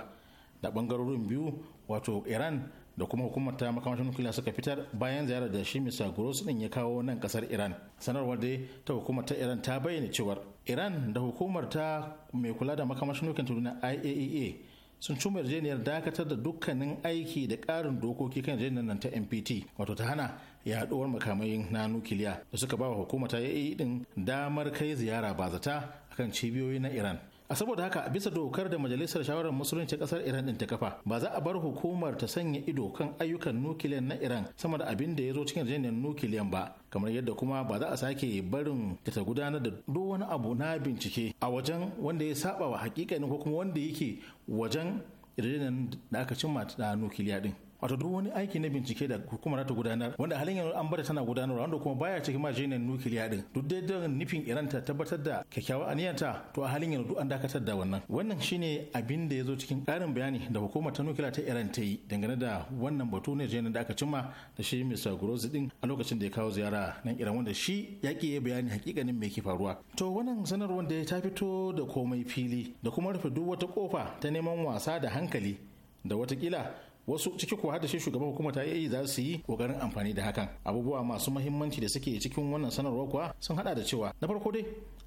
da bangarorin biyu wato iran da kuma hukumar ta makamashin nukiliya suka fitar bayan ziyarar da shi mr gross din ya kawo nan kasar iran sanarwar dai ta hukumar ta iran ta bayyana cewar iran da hukumar ta mai kula da makamashin nukiliya na iaea e sun cuma yarjejeniyar dakatar da dukkanin aiki da ƙarin dokoki kan yarjejeniyar nan ta npt wato ta hana yaduwar makamai na nukiliya da suka ba wa hukumar ta yi e e din damar kai ziyara ba zata akan cibiyoyi na Iran. a saboda haka bisa dokar da majalisar shawarar musulunci kasar iran din ta kafa ba za a bar hukumar ta sanya ido kan ayyukan nukiliyan na iran sama da abin da ya zo cikin yarjejeniyar nukiliyan ba kamar yadda kuma ba za a sake barin da ta gudanar da duk wani abu na bincike a wajen wanda ya saba wa hakikanin ko kuma wanda yake wajen yarjejeniyar da aka cimma na nukiliya din wato duk wani aiki na bincike da hukumar ta gudanar wanda halin yanzu an bar tana gudanarwa wanda kuma baya cikin majinin nukiliya din duk dai da nufin iran ta tabbatar da kyakkyawar aniyarta to a halin yanzu an dakatar da wannan wannan shine abin da ya zo cikin karin bayani da hukumar ta nukiliya ta iran ta yi dangane da wannan batu na jinin da aka cimma da shi mr grozi din a lokacin da ya kawo ziyara nan iran wanda shi ya ki bayani hakikanin me ke faruwa to wannan sanarwar da ta fito da komai fili da kuma rufe duk wata kofa ta neman wasa da hankali da watakila wasu ciki ko shi shugaban hukumar ta yi za su yi kokarin amfani da hakan abubuwa masu muhimmanci da suke cikin wannan sanarwa kuwa sun hada da cewa na farko dai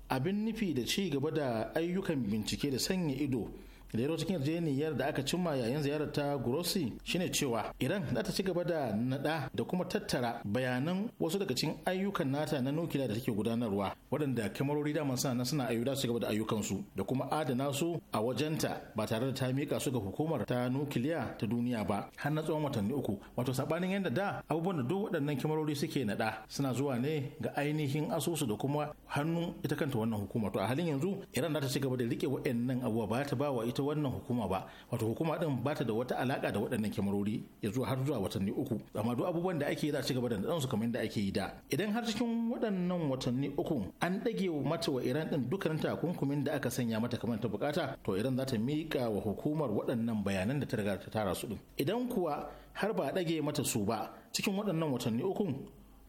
abin nufi da ci gaba da ayyukan bincike da sanya ido lero cikin yarjejeniyar da aka cimma yayin ziyarar ta grossi shine cewa iran za ta ci gaba da nada da kuma tattara bayanan wasu daga cikin ayyukan nata na nukiliya da take gudanarwa waɗanda kyamarori masu sana suna ayyuka su gaba da su da kuma adana su a wajenta ba tare da ta mika su ga hukumar ta nukiliya ta duniya ba har na tsawon watanni uku wato sabanin yadda da abubuwan da duk waɗannan kyamarori suke nada suna zuwa ne ga ainihin asusu da kuma hannun ita kanta wannan hukumar to a halin yanzu iran za ta ci gaba da rike waɗannan abubuwa ba ta ba wa ita ita wannan hukuma ba wato hukuma din ba ta da wata alaka da waɗannan kyamarori ya zuwa har zuwa watanni uku amma duk abubuwan da ake za a ci gaba da nadan su kamar yadda ake yi da idan har cikin waɗannan watanni uku an dage mata wa Iran din dukkanin takunkumin da aka sanya mata kamar ta bukata to Iran za ta miƙa wa hukumar waɗannan bayanan da ta riga ta tara su din idan kuwa har ba a dage mata su ba cikin waɗannan watanni uku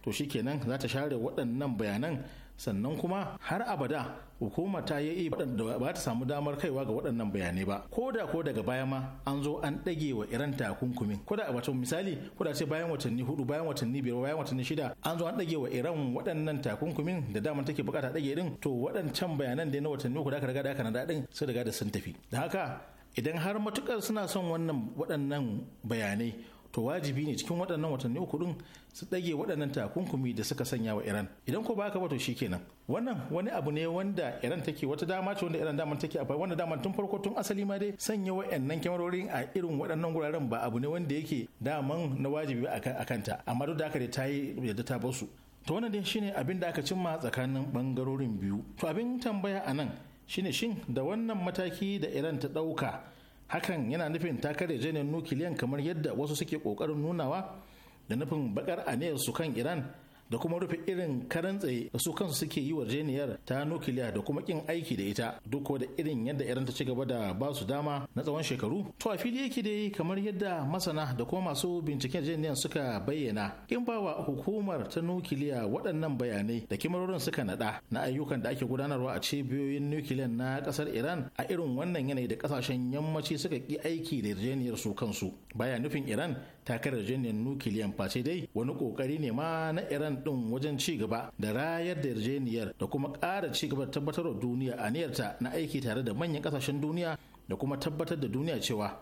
to shikenan za ta share waɗannan bayanan sannan kuma har abada hukuma ta yi waɗanda ba ta samu damar kaiwa ga waɗannan bayanai ba ko da ko daga baya ma an zo an ɗage wa iran takunkumin ko da wato misali ko da ce bayan watanni hudu bayan watanni biyar bayan watanni shida an zo an ɗage wa iran waɗannan takunkumin da dama take bukata ɗage din to waɗancan bayanan da na watanni uku da aka riga da aka nada din sun riga da sun tafi da haka idan har matukar suna son wannan waɗannan bayanai to wajibi ne cikin waɗannan watanni uku ɗin su ɗage waɗannan takunkumi da suka sanya wa iran idan ko ba haka ba to kenan wannan wani abu ne wanda iran take wata dama ce wanda iran daman take a wanda dama tun farko tun asali ma dai sanya wa'annan kyamarorin a irin waɗannan wuraren ba abu ne wanda yake daman na wajibi a kanta amma duk da haka dai ta yi yadda ta basu to wannan dai shine abin da aka cimma tsakanin bangarorin biyu to abin tambaya anan nan shine shin da wannan mataki da iran ta ɗauka hakan yana nufin ta kare jenin nukiliyan kamar yadda wasu suke kokarin nunawa da nufin bakar aniyar su kan iran da kuma rufe irin karan tsaye da su kansu suke yi wa warjeniyar ta nukiliya da kuma kin aiki da ita duk da irin yadda iran ta ci gaba da ba su dama na tsawon shekaru to a fili yake dai kamar yadda masana da kuma masu binciken jeniyar suka bayyana kin bawa hukumar ta nukiliya waɗannan bayanai da kimarorin suka nada na ayyukan da ake gudanarwa a cibiyoyin nukiliyan na ƙasar iran a irin wannan yanayi da ƙasashen yammaci suka ki aiki da yarjeniyar su kansu baya nufin iran takarar jirgin nukiliyan face dai wani kokari ne ma na iran din wajen ci gaba da rayar da yarjejeniyar da kuma ƙara ci gaba da duniya a niyarta na aiki tare da manyan ƙasashen duniya da kuma tabbatar da duniya cewa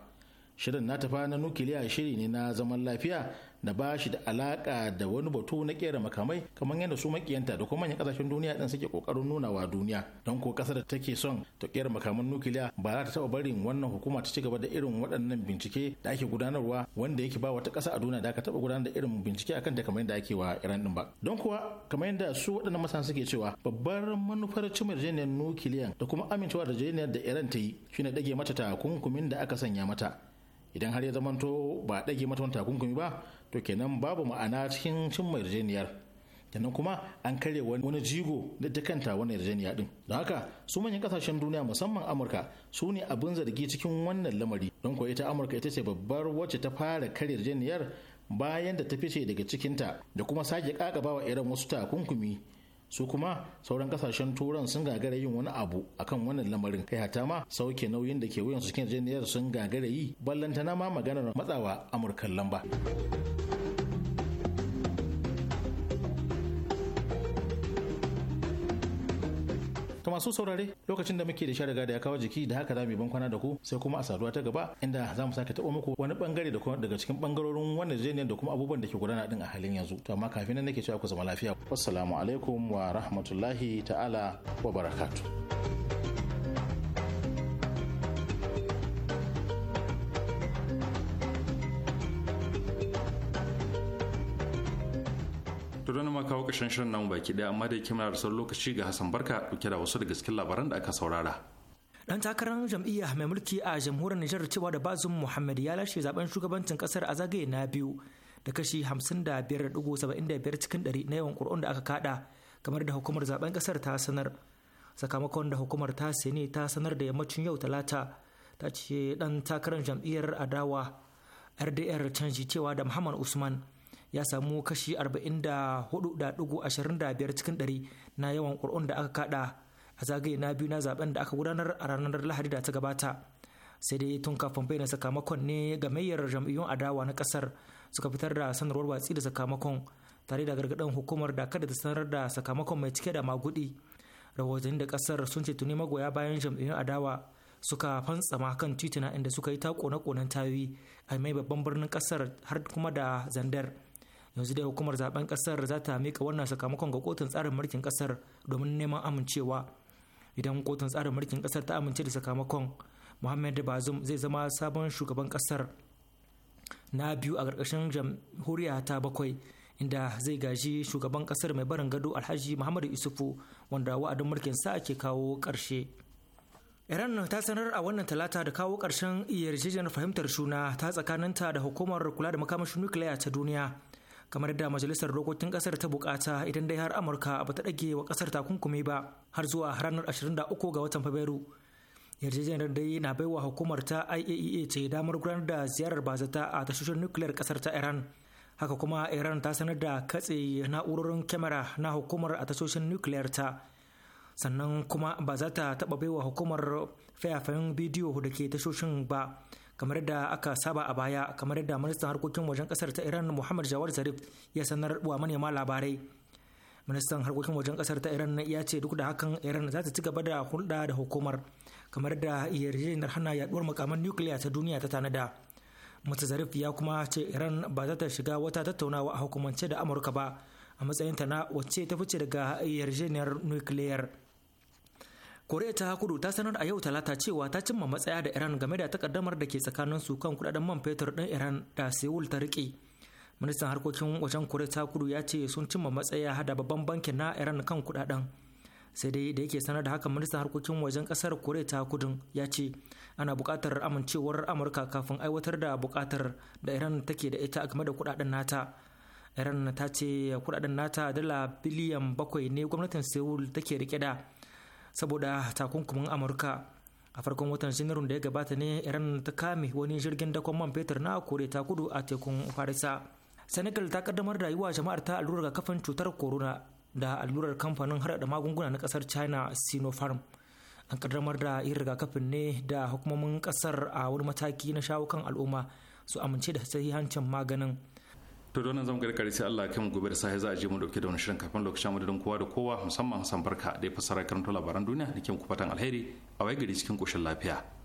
shirin na tafa na nukiliya shiri ne na zaman lafiya da ba shi da alaka da wani batu na kera makamai kamar yadda su makiyanta da kuma manyan kasashen duniya din suke kokarin nuna wa duniya don ko kasar da take son ta kera makaman nukiliya ba za ta taba barin wannan hukuma ta ci gaba da irin waɗannan bincike da ake gudanarwa wanda yake ba wata ƙasa a duniya da aka taba gudanar da irin bincike akan ta kamar yadda ake wa Iran din ba don kuwa kamar yadda su waɗannan masana suke cewa babbar manufar cimma yarjejeniyar nukiliyan da kuma amincewa da yarjejeniyar da Iran ta yi shine dage mata takunkumin da aka sanya mata idan har ya zamanto ba a ɗage mata wani takunkumi ba to kenan babu ma'ana cikin cin mai yarjejeniyar sannan kuma an karya wani jigo da ta kanta wani yarjejeniya din don haka su manyan kasashen duniya musamman amurka su ne abin zargi cikin wannan lamari don kuwa ita amurka ita ce babbar wacce ta fara karya yarjejeniyar bayan da ta fice daga cikinta da kuma sake kakabawa irin wasu takunkumi su kuma sauran kasashen turan sun gagara yin wani abu akan wannan lamarin kai hata ma sauke nauyin da ke wuyan su kin sun gagara yi ballantana ma maganar matsawa amurkan lamba masu saurare lokacin da muke da shari'a da ya kawo jiki da haka za mu ban kwana da ku sai kuma a saduwa ta gaba inda za mu sake taɓa muku wani bangare da daga cikin bangarorin wannan jeniyan da kuma abubuwan da ke gudana din a halin yanzu to amma kafin nan nake cewa ku zama lafiya assalamu alaikum wa rahmatullahi ta'ala wa barakatuh kuma kawo ƙarshen shirin nan baki ɗaya amma dai kimar da lokaci ga Hassan Barka ɗauke da wasu daga cikin labaran da aka saurara. dan takarar jam'iyya mai mulki a jamhuriyar Nijar cewa da bazum Muhammad ya lashe zaben shugabancin kasar a zagaye na biyu da kashi 55.75 cikin 100 na yawan ƙuri'un da aka kada kamar da hukumar zaben kasar ta sanar sakamakon da hukumar ta sene ta sanar da yammacin yau talata ta ce dan takarar jam'iyyar adawa RDR canji cewa da Muhammad Usman ya samu kashi 44.25 cikin ɗari na yawan ƙuri'un da aka kada a zagaye na biyu na zaben da aka gudanar a ranar lahadi da ta gabata sai dai tun kafin bayyana sakamakon ne gamayyar jam'iyyun adawa na kasar suka fitar da sanarwar watsi da sakamakon tare da gargaɗin hukumar da kada ta sanar da sakamakon mai cike da magudi rahotanni da kasar sun ce tuni magoya bayan jam'iyyun adawa suka fantsama kan tituna inda suka yi ta kone-konen tayoyi a mai babban birnin kasar har kuma da zandar yanzu dai hukumar zaben kasar za ta mika wannan sakamakon ga kotun tsarin mulkin kasar domin neman amincewa idan kotun tsarin mulkin kasar ta amince da sakamakon muhammad bazum zai zama sabon shugaban kasar na biyu a ƙarƙashin jamhuriya ta bakwai inda zai gaji shugaban kasar mai barin gado alhaji muhammadu isufu wanda wa'adin mulkin sa ke kawo ƙarshe iran ta sanar a wannan talata da kawo ƙarshen yarjejeniyar fahimtar juna ta tsakaninta da hukumar kula da makamashin nukiliya ta duniya kamar da majalisar dokokin kasar ta bukata idan dai har amurka ba ta dage wa kasar takunkumi ba har zuwa ranar 23 ga watan fabrairu yarjejeniyar dai na baiwa hukumar ta iaea e ce damar gudanar da ziyarar bazata a tashoshin nukiliyar kasar ta iran haka kuma iran ta sanar da katse na'urorin kyamara na hukumar a tashoshin nukiliyar ta sannan kuma ba za ta taba baiwa hukumar fayafayin bidiyo da ke tashoshin ba kamar da aka saba a baya kamar da ministan harkokin wajen kasar ta iran muhammad jawar zarif ya sanar wa manema labarai ministan harkokin wajen kasar ta iran ya ce duk da hakan iran za ta ci gaba da hulɗa da hukumar kamar da yarjejeniyar hana yaduwar makaman nukiliya ta duniya ta tanada mata zarif ya kuma ce iran ba za ta shiga wata tattaunawa a hukumance da amurka ba a matsayinta na wacce ta fice daga yarjejeniyar nukiliyar Koreya ta kudu ta sanar a yau talata cewa ta cimma matsaya da Iran game da takaddamar da ke tsakanin su kan kudaden man fetur ɗin Iran da Seoul ta rike. Ministan harkokin wajen Koreya ta kudu ya ce sun cimma matsaya hada babban bankin na Iran kan kudaden. Sai dai da yake sanar da haka ministan harkokin wajen kasar Koreya ta kudu ya ce ana bukatar amincewar Amurka kafin aiwatar da bukatar da Iran take da ita game da kudaden nata. Iran ta ce kudaden nata dala biliyan bakwai ne gwamnatin Seoul take rike da. saboda takunkumin amurka a farkon watan janairun da ya gabata ne iran ta kame wani jirgin dakon man fetur na kore ta kudu a tekun farisa senegal ta kaddamar da yiwa jama'ar ta allurar kafin cutar corona da allurar kamfanin harada magunguna na kasar china sinopharm an kaddamar da yin rigakafin ne da hukumomin kasar a wani mataki na shawo kan al'umma su amince da sahihancin maganin to don zan gari sai Allah kai mu gobe da sahi za a je mu dauke da wani shirin kafin lokacin mu da kowa da kowa musamman Hassan Barka da ya fassara karanto labaran duniya da ke ku fatan alheri a waye gari cikin koshin lafiya